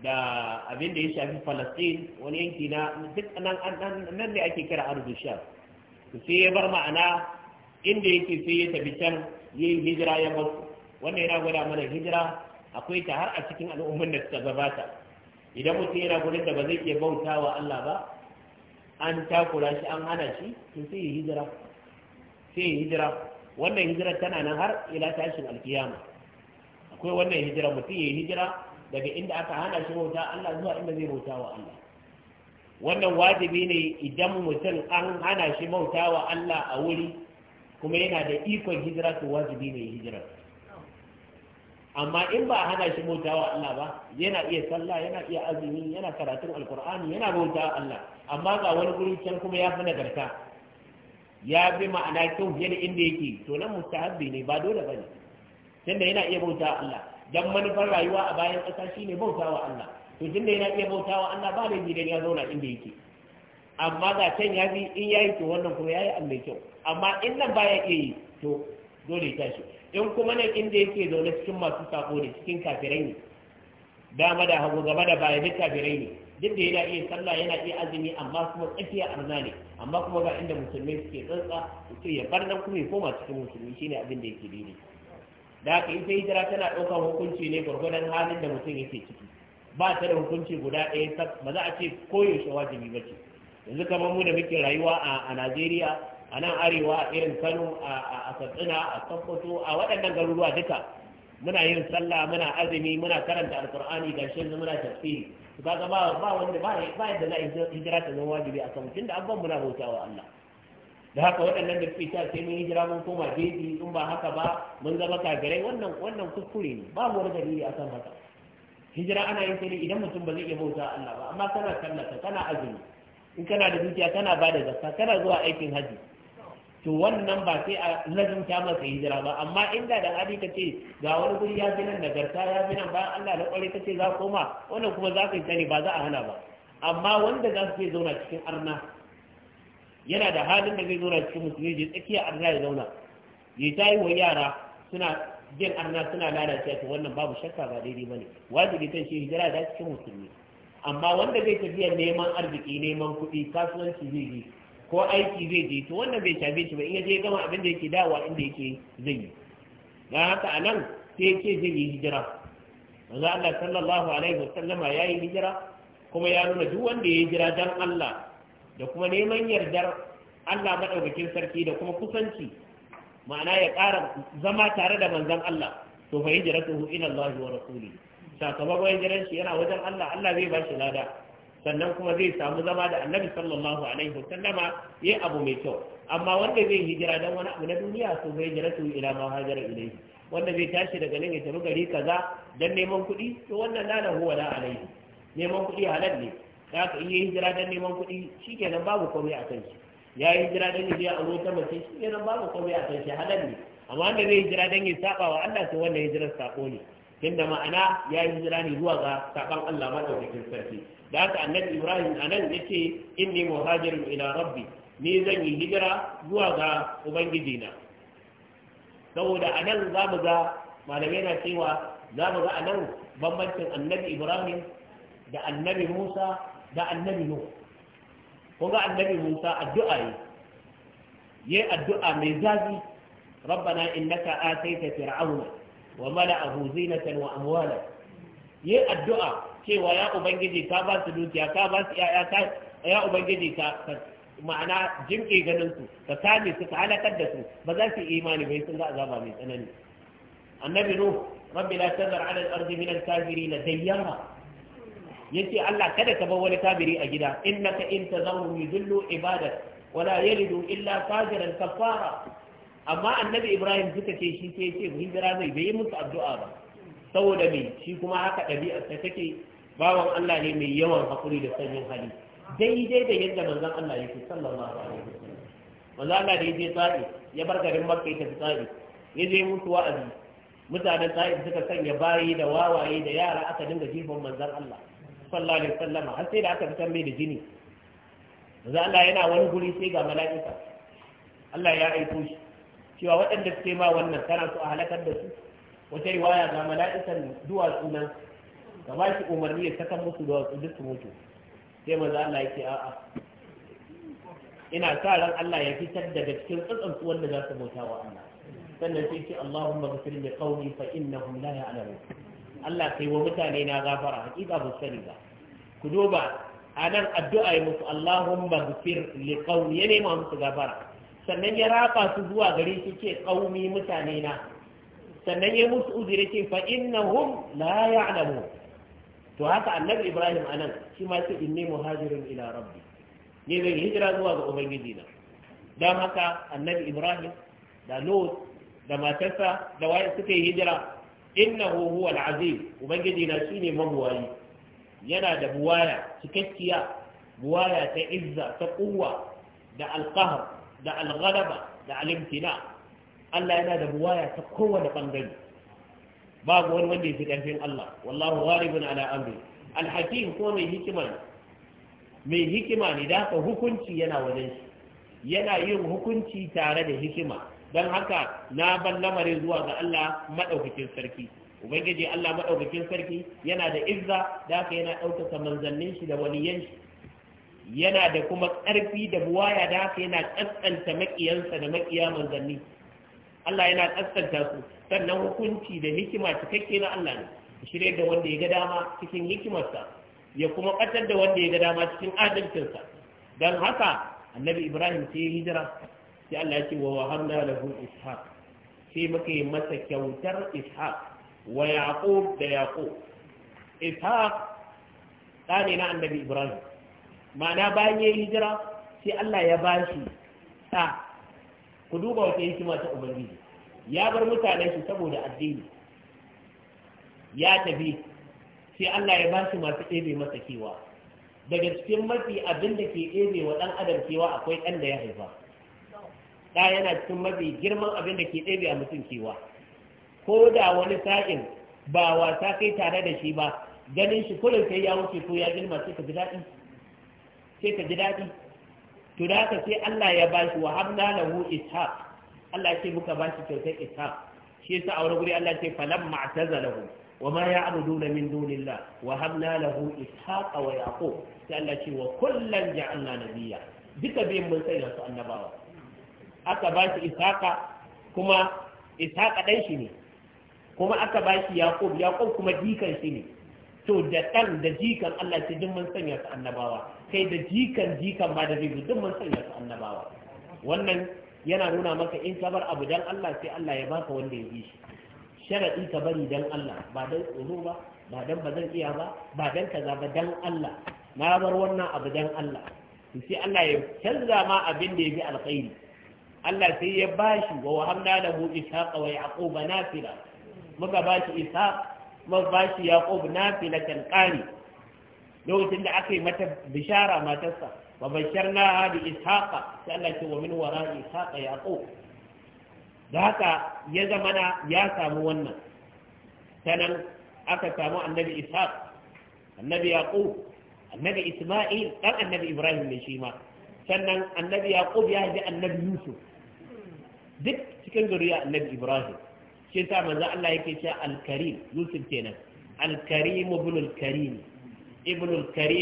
da abin da ya shafi falastin wani yanki na duk nan ne ake kira arzu Su sai ya bar ma'ana inda yake sai ya tafi can ya yi hijira ya bar wannan yana gwada mana hijira akwai ta har a cikin al'ummar da suka gabata idan mutum yana gudun da ba zai iya bauta wa Allah ba an takura shi an hana shi to sai ya hijira sai ya hijira wannan hijira tana nan har ila tashin alkiyama akwai wannan hijira mutum ya hijira daga inda aka hana shi bauta Allah zuwa inda zai bauta wa Allah wannan wajibi ne idan mutum an hana shi bauta wa Allah a wuri kuma yana da ikon hijira to wajibi ne hijira amma in ba hana shi bauta wa Allah ba yana iya sallah yana iya azumi yana karatun alkur'ani yana bauta wa Allah amma ga wani guri can kuma ya fi nagarta ya bi ma'ana kyau fiye inda yake to nan mustahabbi ne ba dole bane tunda yana iya bauta Allah dan manufar rayuwa a bayan ƙasa shine bautawa Allah to tunda yana iya bautawa Allah ba da gidan ya zauna inda yake amma ga can ya bi in yayi to wannan kuma yayi an mai kyau amma in nan baya iya yi to dole ya tashi in kuma nan inda yake zaune cikin masu sako ne cikin kafirai ne dama da hagu gaba da baya duk kafirai ne duk da yana iya sallah yana iya azumi amma kuma tsakiya arna ne amma kuma ga inda musulmai suke tsantsa to ya bar nan kuma ya koma cikin musulmi shine abin da yake daidai da haka ita hijira tana ɗaukar hukunci ne gwargwadon halin da mutum yake ciki ba ta da hukunci guda ɗaya ta ba za a ce koyaushe wajibi ba ce yanzu kamar mu da muke rayuwa a najeriya a nan arewa irin kano a katsina a sokoto a waɗannan garuruwa duka muna yin sallah muna azumi muna karanta alkur'ani ga shi muna tafsiri kaga ba wanda ba yadda za a hijira ta zama wajibi a kan tunda an ban muna bautawa Allah da haka waɗannan da fita sai mun hijira mun koma jeji in ba haka ba mun zama kafirai wannan wannan kuskure ne Ba babu wani a akan haka hijira ana yin ta ne idan mutum ba zai iya bauta Allah ba amma kana sallata kana azumi in kana da dukiya kana ba da zakka kana zuwa aikin haji to wannan ba sai a lazumta masa hijira ba amma inda da hadi kace ga wani guri ya nan nagarta ya bi nan bayan Allah da kware kace za koma wannan kuma za ka yi ta ne ba za a hana ba amma wanda za su ke zauna cikin arna yana da halin da zai zo cikin musulmi je tsakiya arna ya zauna ya ta yi wa yara suna jin arna suna lalace to wannan babu shakka ba daidai ba ne wajibi kan shi hijira da cikin musulmi amma wanda zai tafiya neman arziki neman kuɗi kasuwanci zai yi. ko aiki zai je to wannan bai shafe shi ba in ya je gama abin da yake dawa inda yake zai yi dan haka anan sai yake zai yi hijira manzo Allah sallallahu alaihi wasallama yayi hijira kuma ya nuna duk wanda ya hijira dan Allah da kuma neman yardar Allah maɗaukakin sarki da kuma kusanci ma'ana ya ƙara zama tare da manzon Allah to fa hijratuhu ila Allah wa rasuli sakamakon hijiran shi yana wajen Allah Allah zai ba shi lada sannan kuma zai samu zama da Annabi sallallahu alaihi wasallama yayi abu mai kyau amma wanda zai hijira dan wani abu na duniya to fa hijratuhu ila ma hajara ilayhi wanda zai tashi daga nan ya tafi gari kaza dan neman kuɗi to wannan la lahu wa alaihi neman kuɗi halal ne da ka iya yi hijira don neman kuɗi shi nan babu komai a kan shi ya yi hijira don ya je a mace shi nan babu komai a kan shi halal ne amma wanda zai hijira dan ya saba wa Allah to wannan hijirar sako ne tunda ma'ana ya yi hijira ne zuwa ga saban Allah madaukakin sarki da haka annabi Ibrahim anan yace inni muhajirun ina rabbi ni zan yi hijira zuwa ga ubangiji na saboda anan za mu ga malamai na cewa za mu ga anan bambancin annabi Ibrahim da annabi Musa da annabi nuhu kun ga annabi musa addu'a yi, yayi addu'a mai zafi rabbana innaka ataita fir'auna wa mala'ahu zinatan wa amwala yayi addu'a cewa ya ubangiji ka ba su dukiya ka ba su yaya ka ya ubangiji ka ma'ana jinƙe ganin su ka kame su ka halakar da su ba za su imani bai sun ga azaba mai tsanani annabi nuhu rabbi la tazar ala al-ardi min al-kafirin dayyara yace Allah kada ka bar wani kafiri a gida innaka in tazawu yudillu ibadat wala yalidu illa fajiran kafara amma annabi Ibrahim suka ce shi sai yace hijira zai bai musu addu'a ba saboda me shi kuma haka ɗabi'ar ta take bawan Allah ne mai yawan hakuri da sanyin hali daidai da yadda manzon Allah yake sallallahu alaihi wasallam manzon Allah da yaje tsari ya bar garin Makka ya tafi tsari ya je mutu wa'azi mutanen tsari suka sanya bayi da wawaye da yara aka dinga jifan manzon Allah sallallahu alaihi wasallama har sai da aka fitar mai da jini manzo Allah yana wani guri sai ga mala'ika Allah ya aiko shi cewa waɗanda suke ma wannan kana so a halakar da su wata riwaya ga mala'ikan duwatsu nan ka ba shi umarni ya saka musu duwatsu duk su mutu sai manzo Allah ya ce a'a ina sa ran Allah ya fitar daga cikin tsantsan wanda za su bauta wa Allah sannan sai ce Allahumma ghfir li qaumi fa innahum la ya'lamun Allah kai wa mutane na gafara hakika ba sani ba ku duba a nan addu'a ya musu Allahumma gafir li ya nema musu gafara sannan ya raba su zuwa gare shi ce qaumi mutane na sannan ya musu uzuri ce fa innahum la ya'lamu to haka annabi Ibrahim anan shi ma ce inni muhajirin ila rabbi ne zai hijira zuwa ga ubangiji na don haka annabi Ibrahim da Lot da matarsa da waye suka yi hijira innahu huwa al-aziz ubangiji na shine mabuwayi yana da buwaya cikakkiya buwaya ta izza ta ƙuwa, da alqahr da alghalaba da Allah yana da buwaya ta kowane bangare babu wani wanda yake karfin Allah wallahu ghalibun ala amri al-hakim ko mai hikima mai hikima ne da hukunci yana wajen shi yana yin hukunci tare da hikima don haka na ban lamarin zuwa ga Allah maɗaukakin sarki ubangiji Allah maɗaukakin sarki yana da izza da haka yana ɗaukaka manzannin shi da waliyan shi yana da kuma ƙarfi da buwaya da haka yana ƙasƙanta maƙiyansa da maƙiya manzanni Allah yana ƙasƙanta su sannan hukunci da hikima cikakke na Allah ne shirye da wanda ya ga dama cikin hikimarsa ya kuma ɓatar da wanda ya ga dama cikin adalcinsa don haka annabi ibrahim sai ya hijira sai Allah ya ce wa wahabna lahu ishaq sai muka yi masa kyautar ishaq wa yaqub da yaqub ishaq ne na annabi ibrahim ma'ana bayan ya hijira sai Allah ya bashi ta ku duba wata hikima ta ubangiji ya bar mutanen shi saboda addini ya tafi sai Allah ya bashi masu ɗebe masa kewa daga cikin mafi abin da ke ɗebe wa ɗan adam kewa akwai ɗan da ya haifa da yana cikin mafi girman abin da ke ɗebe a mutum cewa ko da wani sa'in ba wasa kai tare da shi ba ganin shi kullum sai ya wuce ko ya girma sai ka ji daɗi sai ka ji daɗi to da haka sai Allah ya bashi wa habna lahu ishaq Allah ya ce muka bashi kyautar ishaq shi yasa a wani guri Allah ya ce falamma atazalahu وما يعبدون من دون wa وهبنا Sai Allah ويعقوب قال شيء وكلا جعلنا biya. duka biyun mun sai da su annabawa aka ba shi isaka kuma isaka ɗan shi ne kuma aka ba shi yaƙub yaƙub kuma jikan shi ne to da ɗan da jikan Allah ce duk mun sanya su annabawa kai da jikan jikan ba da zai duk mun sanya su annabawa wannan yana nuna maka in ka bar abu dan Allah sai Allah ya baka wanda ya bi shi sharaɗi ka bari dan Allah ba dan tsoro ba ba dan ba zan iya ba ba dan kaza ba dan Allah na bar wannan abu dan Allah sai Allah ya canza ma abin da ya bi alkhairi Allah sai ya bashi wa wahamna lahu ishaqa wa yaquba nafila muka bashi ishaq muka bashi yaqub nafila kan qani lokacin da aka yi mata bishara matarsa wa basharna bi ishaqa sai Allah ce wa min wara ishaqa yaqub da haka ya zamana ya samu wannan sanan aka samu annabi ishaq annabi yaqub annabi isma'il dan annabi ibrahim ne shi ma sannan annabi yaqub ya ji annabi yusuf duk cikin zuriya annabi ibrahim shi yasa manzo Allah yake cewa al-karim yusuf kenan al-karim ibn al-karim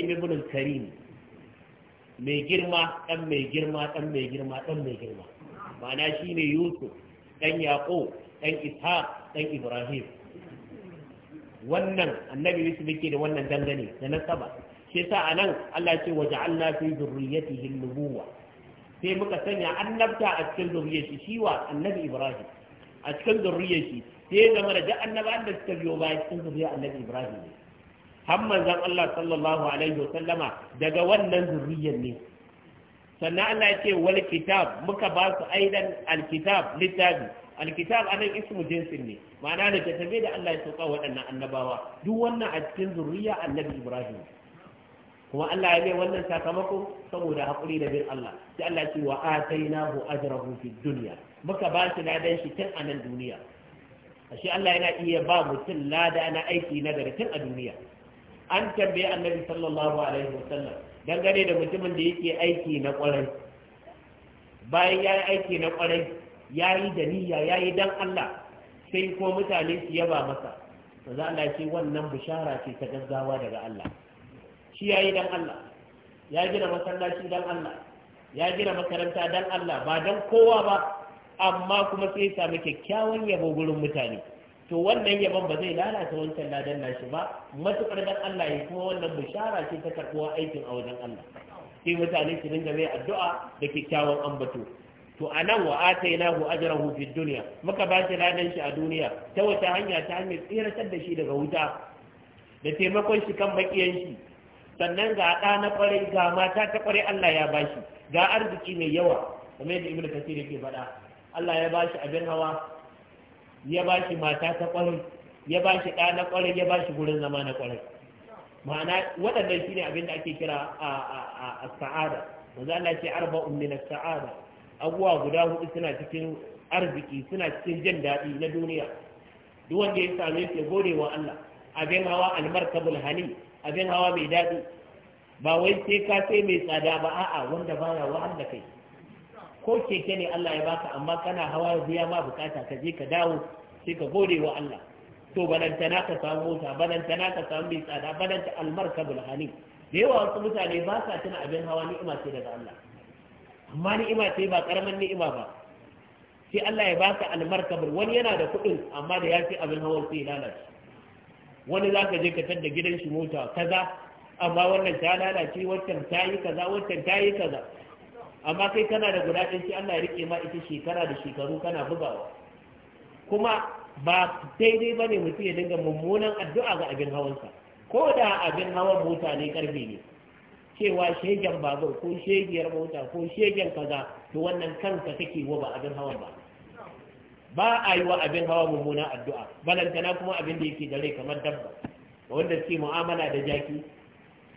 ibn al ibn al mai girma dan mai girma dan mai girma dan mai girma ma'ana shine yusuf dan yaqo dan ishaq dan ibrahim wannan annabi yusuf yake da wannan dangane da nasaba shi yasa anan Allah ya ce waja'alna fi zurriyyatihi an-nubuwah sai muka sanya annabta a cikin zuriyar shi wa annabi ibrahim a cikin zuriyar sai zama da duk annabawan da suka biyo baya cikin zuriyar annabi ibrahim ne Hamman zan Allah sallallahu alaihi wa sallama daga wannan zuriyar ne sannan Allah ya ce wal kitab muka ba su aidan alkitab littafi alkitab anan ismu jinsin ne ma'ana da tattabe da Allah ya sauka waɗannan annabawa duk wannan a cikin zuriya annabi Ibrahim kuma Allah ya mai wannan sakamakon saboda haƙuri da bin Allah sai Allah ce wa atainahu ajrahu fid dunya muka ba shi ladan shi tun a nan duniya ashe Allah yana iya ba mutum lada na aiki na gari tun a duniya an tambaye annabi sallallahu alaihi wasallam dangane da mutumin da yake aiki na ƙwarai bayan ya yi aiki na ƙwarai ya yi da niyya ya yi dan Allah sai ko mutane su yaba masa manzo Allah ce wannan bishara ce ta gaggawa daga Allah shi ya yi don Allah ya gina masallaci don Allah ya gina makaranta dan Allah ba don kowa ba amma kuma sai sami kyakkyawan yabo gurin mutane to wannan yabon ba zai lalata wancan ladan nashi ba matukar dan Allah ya kuma wannan bishara ce ta karɓuwa aikin a wajen Allah sai mutane su dinga mai addu'a da kyakkyawan ambato to anan wa atainahu ajrahu fid dunya muka ba shi ladan shi a duniya ta wata hanya ta hanyar tsiratar da shi daga wuta da taimakon shi kan bakiyan shi sannan ga ɗa na ƙwarai ga mata ta ƙwarai Allah ya bashi ga arziki mai yawa kamar yadda ibnu kasir yake faɗa Allah ya bashi abin hawa ya bashi mata ta ƙwarai ya bashi ɗa na ƙwarai ya bashi gurin zama na ƙwarai ma'ana waɗannan shine abin da ake kira a sa'ada manzo Allah ce arba'un min as-sa'ada abuwa guda hudu suna cikin arziki suna cikin jin daɗi na duniya duk wanda ya same shi gode wa Allah abin hawa almarkabul hani abin hawa mai daɗi ba wai sai ka sai mai tsada ba a'a wanda ba ya wahal da kai ko keke ne Allah ya baka amma kana hawa biya ma bukata ka je ka dawo sai ka gode wa Allah to balantana ka samu mota balantana ka samu mai tsada balanta almarkabul hani da yawa wasu mutane ba sa tuna abin hawa ni'ima ce daga Allah amma ni'ima ce ba karaman ni'ima ba sai Allah ya baka almarkabul wani yana da kuɗin amma da ya ce abin hawa sai lalace wani za ka je ka tadda gidan shi mota kaza amma wannan ta lalace wancan ta yi kaza wancan ta yi kaza amma kai kana da guda ɗin shi Allah ya rike ma ita shekara da shekaru kana bugawa kuma ba daidai ba ne mutum ya dinga mummunan addu'a ga abin hawansa ko da abin hawan mota ne karfe ne cewa shegen babur ko shegiyar mota ko shegen kaza to wannan kanka take wa ba abin hawan ba ba a yi wa abin hawa mummuna addu'a balantana kuma abin da yake da rai kamar dabba wanda suke mu'amala da jaki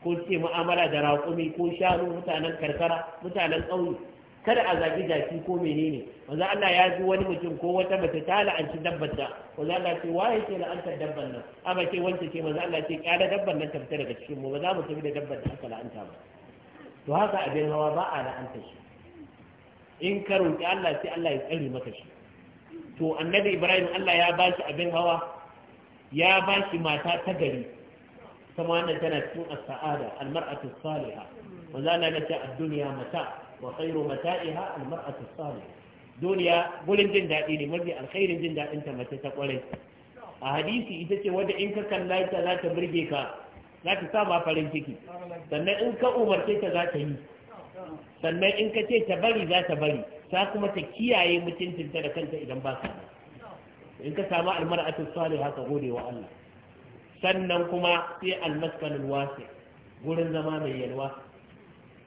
ko suke mu'amala da raƙumi ko shanu mutanen karkara mutanen ƙauye kada a zagi jaki ko menene wanzu Allah ya ji wani mutum ko wata mace ta la'anci dabbar da. manzo Allah ce ya ce la'antar dabban nan amma ce wanda ce manzo Allah ce kyara dabban nan ta fita daga cikin mu ba za mu tafi da dabban da aka la'anta ba to haka abin hawa ba a la'anta shi in ka roƙi Allah sai Allah ya tsare maka shi to annabi ibrahim Allah ya ba shi abin hawa ya ba shi mata ta gari kuma wannan tana cikin as-sa'ada al-mar'atu as saliha wanda Allah ya ce ad-dunya mata wa khairu mata'iha al-mar'atu as saliha duniya gurin jin daɗi ne mafi alkhairin jin daɗin ta mace ta kwarai a hadisi ita ce wanda in ka kalla ta za ta burge ka za ta sa ma farin ciki sannan in ka umarce ta za ta yi sannan in ka ce ta bari za ta bari ta kuma ta kiyaye mutuncinta da kanta idan ba ka in ka samu almar'atu salihah haka gode wa Allah sannan kuma sai almaskanul wasi gurin zama mai yalwa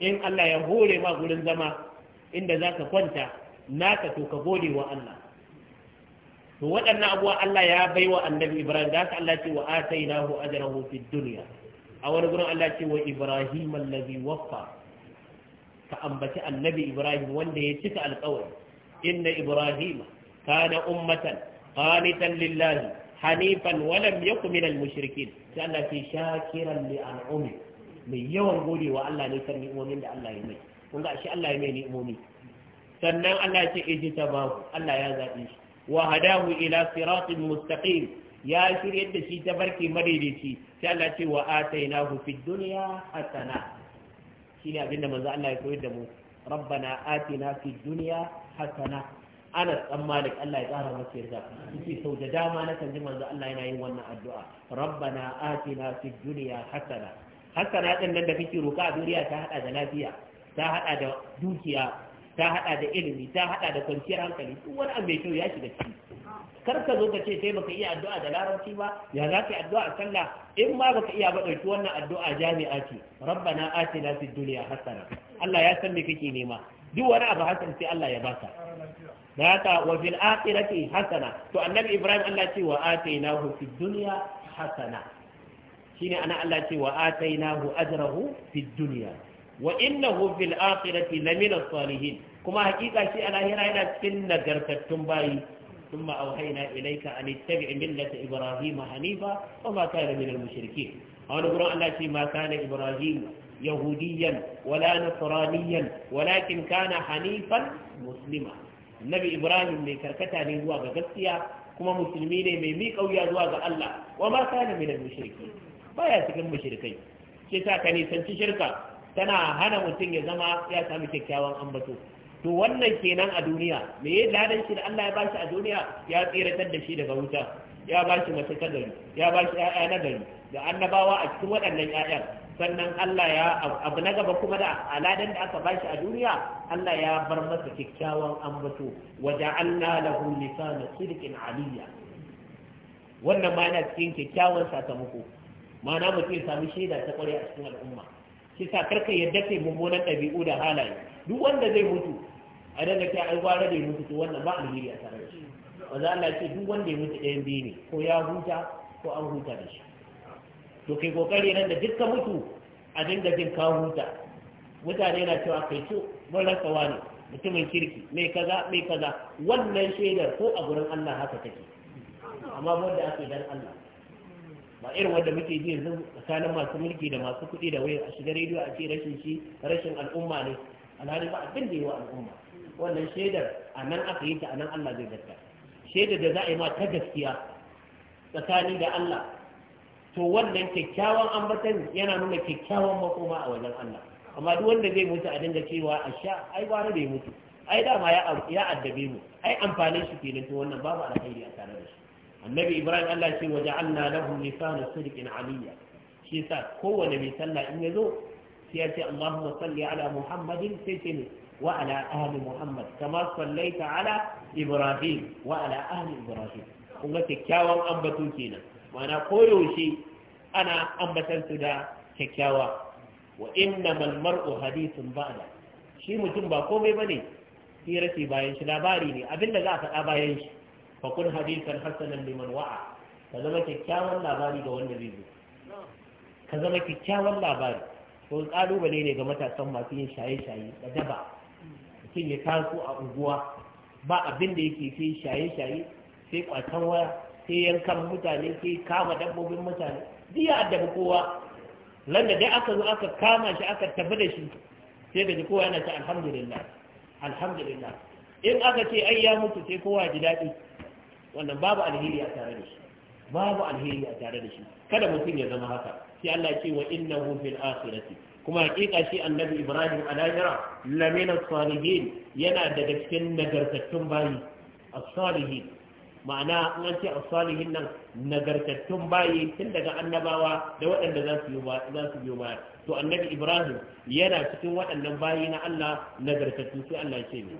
in Allah ya hore ma gurin zama inda za ka kwanta naka to ka gode wa Allah to waɗannan abuwa Allah ya baiwa annabi Ibrahim da Allah ce wa atainahu ajrahu fid dunya a wani gurin Allah ce wa Ibrahim allazi waffa ka ambaci annabi ibrahim wanda ya cika alkawari inna ibrahim kana ummatan qanitan lillahi hanifan wa lam yakun minal mushrikin sai Allah ce shakiran li an'umi mai yawan gode wa Allah ne kan ni'imomin da Allah ya mai kun ga shi Allah ya mai ni'imomi sannan Allah ce ijtabahu Allah ya zabe shi wa hadahu ila siratin mustaqim ya shiryar da shi ta barke madaidaici sai Allah ce wa atainahu fid dunya hasana shine abinda manzo Allah ya koyar da mu rabbana atina fi dunya hasana ana dan malik Allah ya tsara masa yarda yace sau da dama na kan ji manzo Allah yana yin wannan addu'a rabbana atina fid dunya hasana hasana din nan da kake roka a duniya ta hada da lafiya ta hada da dukiya ta hada da ilimi ta hada da kwanciyar hankali duk wani abu mai kyau ya shiga ciki kar ka zo ka ce sai baka iya addu'a da larabci ba ya za ka yi addu'a a sallah in ma baka iya ba ɗauki wannan addu'a jami'a ce rabbana atina fid dunya hasana Allah ya san me kake nema duk wani abu hasan sai Allah ya baka da haka wa fil akhirati hasana to annabi Ibrahim Allah ce wa atainahu fid dunya hasana shine ana Allah ce wa atainahu ajrahu fid dunya wa innahu fil akhirati lamina salihin kuma hakika shi a lahira yana cikin nagartattun bayi ثم أوحينا إليك أن اتبع ملة إبراهيم حنيفا وما كان من المشركين قال قرآن الله ما كان إبراهيم يهوديا ولا نصرانيا ولكن كان حنيفا مسلما النبي إبراهيم من كركتا نيزوا بغسيا كما مسلمين من ميك أو يزوا الله وما كان من المشركين baya cikin mushrikai shi sa ka nisanci shirka tana hana mutum ya zama ya sami kyakkyawan ambato to wannan kenan a duniya me ya ladan shi da Allah ya bashi a duniya ya tsiratar da shi daga wuta ya bashi mace ta gari ya bashi ƴaƴa na gari da annabawa a cikin waɗannan ƴaƴan sannan Allah ya abu na gaba kuma da aladan da aka bashi a duniya Allah ya bar masa kikkiawan ambato waja'alna lahu lisana sidqin aliyya wannan ma yana cikin kyakkyawan sakamako ma'ana mutum ya samu shaida ta kware a cikin al'umma shi sa karka yadda kai mummunan ɗabi'u da halaye duk wanda zai mutu a daga ta ai gwara da ya mutu to wannan ba alheri a tare da shi wanda Allah ce duk wanda ya mutu ɗayan biyu ne ko ya huta ko an huta da shi to kai kokari nan da dukkan mutu a dinga jin ka huta mutane na cewa kai to mun rasa wani mutumin kirki mai kaza mai kaza wannan shaidar ko a gurin Allah haka take amma wanda ake dan Allah ba irin wanda muke ji yanzu tsakanin masu mulki da masu kuɗi da wayar a shiga rediyo a ce rashin shi rashin al'umma ne alhali ba abin da yi wa al'umma wannan shaidar a nan aka yi ta a nan Allah zai gaska shaidar da za a yi ma ta gaskiya tsakani da Allah to wannan kyakkyawan ambatan yana nuna kyakkyawan makoma a wajen Allah amma duk wanda zai mutu a dinga cewa a sha ai gwara bai mutu ai dama ya addabe mu ai amfanin shi kenan to wannan babu alkhairi a tare da shi annabi ibrahim Allah ce waja'alna lahu lisana sidqin aliyya shi yasa kowane mai sallah in ya zo sai ya ce Allahumma salli ala Muhammadin sai ce ne وعلى أهل محمد كما صليت على إبراهيم وعلى أهل إبراهيم kuma kyakkyawan ambato kenan Mana koyaushe ana ambatan su da kyakkyawa wa inna mal mar'u hadithun ba'da shi mutum ba komai bane hira ce bayan shi labari ne abinda za a faɗa bayan shi fa kun hadithan hasanan liman wa'a ka zama kyakkyawan labari ga wanda zai zo ka zama kyakkyawan labari ko kalubale ne ga matasan masu yin shaye-shaye da daba sai ya taso a unguwa ba abin da yake sai shaye-shaye sai kwatan waya sai yankan mutane sai kama dabbobin mutane duk ya addabi kowa landa dai aka zo aka kama shi aka tafi da shi sai da kowa yana ta alhamdulillah alhamdulillah in aka ce ai ya mutu sai kowa ji daɗi wannan babu alheri a tare da shi babu alheri a tare da shi kada mutum ya zama haka sai Allah ce wa innahu fil akhirati kuma hakika shi annabi ibrahim a lahira lamina salihin yana daga cikin nagartattun bayi as-salihin ma'ana an ce as-salihin nan nagartattun bayi tun daga annabawa da waɗanda za su yi ba za su biyo ba to annabi ibrahim yana cikin waɗannan bayi na Allah nagartattu sai Allah ya ce ne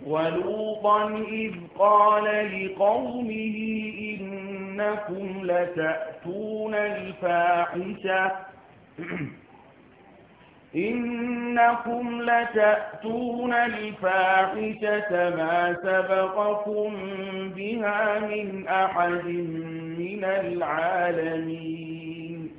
ولوطا إذ قال لقومه إنكم لتأتون الفاحشة إنكم لتأتون الفاحشة ما سبقكم بها من أحد من العالمين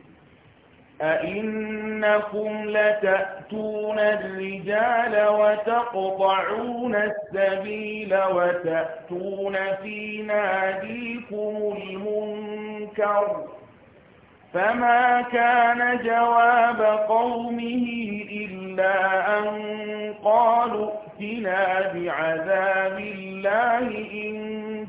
أئنكم لتأتون الرجال وتقطعون السبيل وتأتون في ناديكم المنكر فما na jawaba قومه إلا أن قالوا ائتنا بعذاب الله إن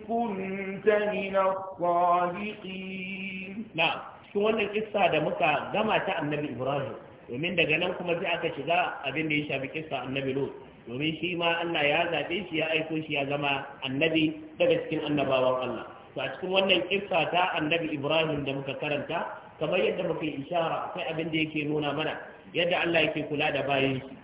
كنت من الصادقين نعم wannan kissa da muka gama ta annabi Ibrahim domin daga nan kuma sai aka shiga abin da ya shafi kissa annabi Lut domin shi ma Allah ya zaɓe shi ya aiko shi ya zama annabi daga cikin annabawan Allah to a cikin wannan kissa ta annabi Ibrahim da muka karanta kamar yadda muke ishara akwai abin da yake nuna mana yadda Allah yake kula da bayan shi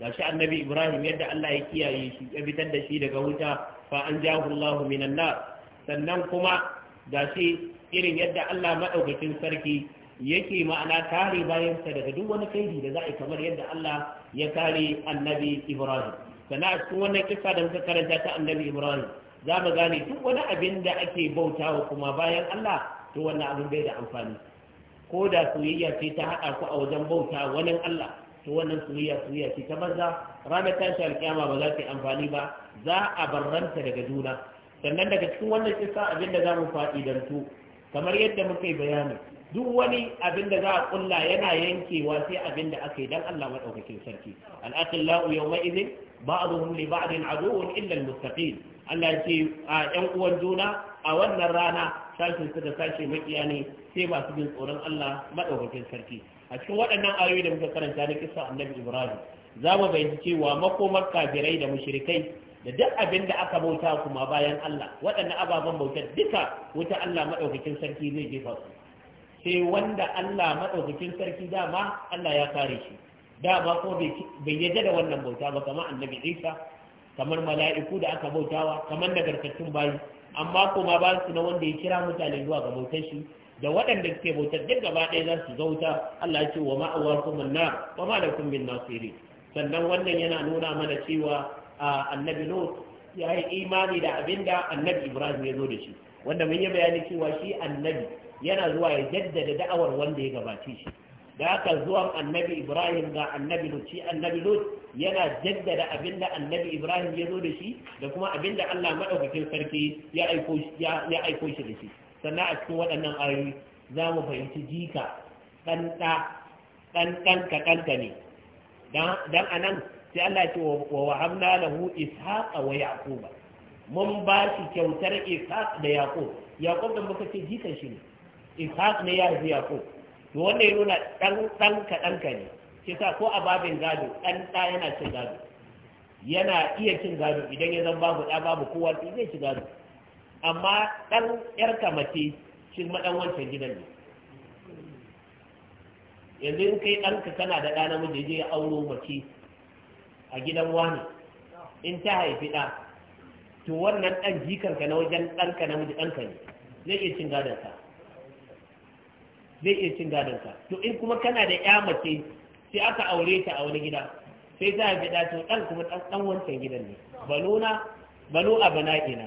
gashi annabi Ibrahim yadda Allah ya kiyaye shi ya fitar da shi daga wuta fa an jahu Allahu minan nar sannan kuma gashi irin yadda Allah madaukakin sarki yake ma'ana kare bayansa daga duk wani kaidi da za a yi kamar yadda Allah ya kare annabi Ibrahim sannan a cikin wannan kisa da muka karanta ta annabi Ibrahim za mu gane duk wani abin da ake bautawa kuma bayan Allah to wannan abin bai da amfani ko da soyayya ce ta haɗa ku a wajen bauta wani Allah to wannan soyayya soyayya ce ta banza ranar tashi alƙiyama ba za ta yi amfani ba za a barranta daga juna sannan daga cikin wannan kisa abin da za mu faɗi tu, kamar yadda muka yi bayani duk wani abin da za a ƙulla yana yankewa sai abin da aka yi don Allah madaukakin sarki al-akhillau yawma idhin ba'dhum ba a aduwwun illa illar muttaqin Allah ya ce a ƴan uwan juna a wannan rana sashin su da sashe makiya ne sai masu bin tsoron Allah maɗaukakin sarki a cikin waɗannan ayoyi da muka karanta na kisa annabi Ibrahim za mu bayyana cewa makomar kafirai da mushirikai da duk abin da aka bauta kuma bayan Allah waɗannan ababen bautar duka wuta Allah maɗaukakin sarki zai jefa su sai wanda Allah maɗaukakin sarki dama Allah ya kare shi dama ko bai yadda da wannan bauta ba kamar annabi Isa kamar mala'iku da aka bautawa kamar nagartattun bayi amma kuma ba su na wanda ya kira mutane zuwa ga bautar shi da waɗanda suke bautar duk gaba ɗaya za su zauta Allah ya ce wa ma'awar kuma na wa ma min nasiri sannan wannan yana nuna mana cewa annabi no ya yi imani da abinda annabi Ibrahim ya zo da shi wanda mun yi bayani cewa shi annabi yana zuwa ya jaddada da'awar wanda ya gabace shi da haka zuwan annabi ibrahim ga annabi lut shi annabi lut yana jaddada abinda annabi ibrahim ya zo da shi da kuma abinda allah maɗaukakin sarki ya aiko shi da shi sannan a cikin waɗannan ayoyi za mu fahimci jika ɗan ɗan ka ne Dan a nan sai allah ce wa wahabna lahu ishaqa wa yaquba mun ba shi kyautar ishaq da yaqub yaqub da muka ce jikan shi ne ishaq ne ya haifi yaqub to wanda ya nuna dan dan ka dan ka ne shi sa ko a babin gado dan da yana cin gado yana iya cin gado idan ya zan babu da babu kowa zai ci gado amma dan yar kamace shi madan wancan gidan ne yanzu in kai ɗanka kana da ɗa namiji je ya auro mace a gidan wani in ta haifi ɗa to wannan ɗan jikanka na wajen ɗanka namiji ɗanka ne zai iya cin gadon ka. zai iya cin gadonsa to in kuma kana da ya mace sai aka aure ta a wani gida sai za a fi dace ɗan kuma ɗan wancan gidan ne balo a bana ina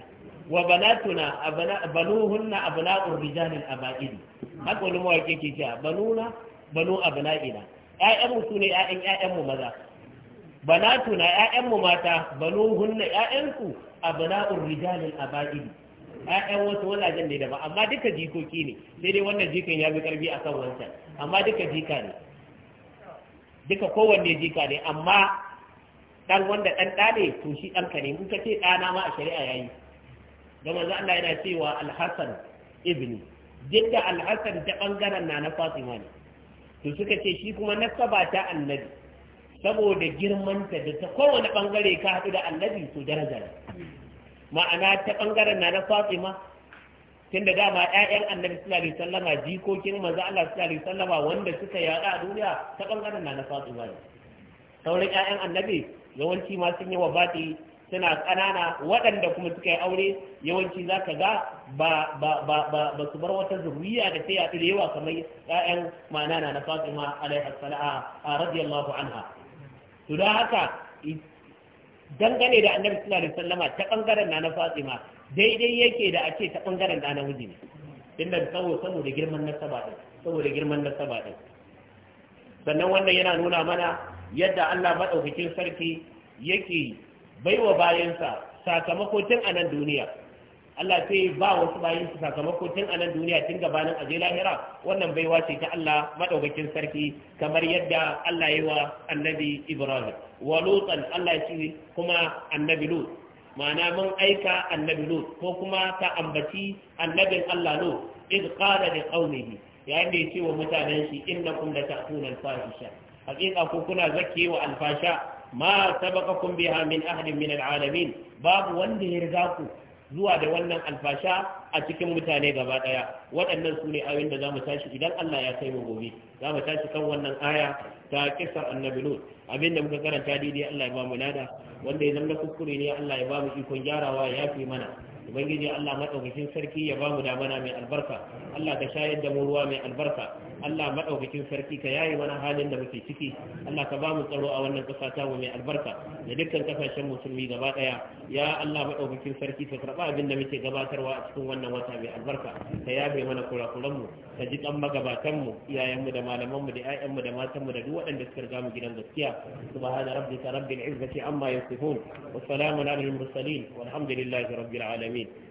wa bana tuna balo banatuna abana banuhunna abana'ur a ba'idi haka wani mawaki ke cewa banuna banu abana'ina ƴaƴanmu su ne ƴaƴan ƴaƴanmu maza bana banatuna ƴaƴanmu mata balo banuhunna ƴaƴanku abana'ur a ba'idi ƴaƴan wasu wazajen ne daban amma duka jikoki ne sai dai wannan jikin ya bi karfi kan wancan amma duka jika ne duka kowanne jika ne amma dan wanda dan ɗa ne to shi ɗanka ne in ka ce ɗana ma a shari'a yayi da manzo Allah yana cewa Al-Hasan ibni duk da Al-Hasan ta bangaren na na Fatima ne to suka ce shi kuma nasaba ta annabi saboda girmanta da ta kowane bangare ka haɗu da annabi to daraja ne ma'ana ta bangaren na na fatima tunda dama 'ya'yan annabi sallallahu alaihi sallama jikokin manzo Allah sallallahu alaihi sallama wanda suka yaɗa a duniya ta bangaren na na fatima ne sauran 'ya'yan annabi yawanci ma sun yi wa bati suna ƙanana waɗanda kuma suka yi aure yawanci za ka ga ba su bar wata zuriya da ta yaɗu da yawa kamar Ya'yan ma'ana na Fatima alaihi a radiyallahu anha to haka dangane da annabi sallallahu alaihi wasallama ta bangaren na na Fatima daidai yake da ake ta bangaren da na wuji ne inda saboda saboda girman nasaba din saboda girman saba din sannan wannan yana nuna mana yadda Allah madaukakin sarki yake baiwa bayansa sakamako tun a nan duniya Allah sai ba wasu bayin su sakamako tun a nan duniya tun gabanin aje lahira wannan baiwa ce ta Allah madaukakin sarki kamar yadda Allah ya wa annabi Ibrahim wa Lutan Allah ce kuma annabi Lut ma'ana mun aika annabi Lut ko kuma ta ambaci annabin Allah Lut da qala li qaumihi yayin da yace wa mutanen shi innakum la ta'tuna al-fahisha hakika ko kuna zakke wa al-fasha ma sabaqakum biha min ahadin min al-alamin babu wanda ya riga ku zuwa da wannan alfasha a cikin mutane gaba ɗaya. waɗannan su ne ayoyin da za mu tashi idan Allah ya kai mu gobe za mu tashi kan wannan aya ta kisar annabi lut abin da muka karanta daidai Allah ya ba mu nada. wanda ya zama kuskure ne Allah ya ba mu ikon gyarawa ya fi mana ubangiji Allah madaukakin sarki ya ba mu damana mai albarka Allah ka shayar da mu ruwa mai albarka Allah madaukakin sarki ka yayi mana halin da muke ciki Allah ka ba mu tsaro a wannan ƙasa ta mu mai albarka da dukkan kasashen musulmi gaba ɗaya ya Allah madaukakin sarki ka karɓa abin da muke gabatarwa a cikin wannan wata mai albarka ka yabe mana kurakuran mu ka ji kan magabatan mu iyayen mu da malaman mu da ƴaƴan mu da matan mu da duk waɗanda suka riga mu gidan gaskiya subhana rabbika rabbil izzati amma yasifun wa salamun alal mursalin walhamdulillahi rabbil alamin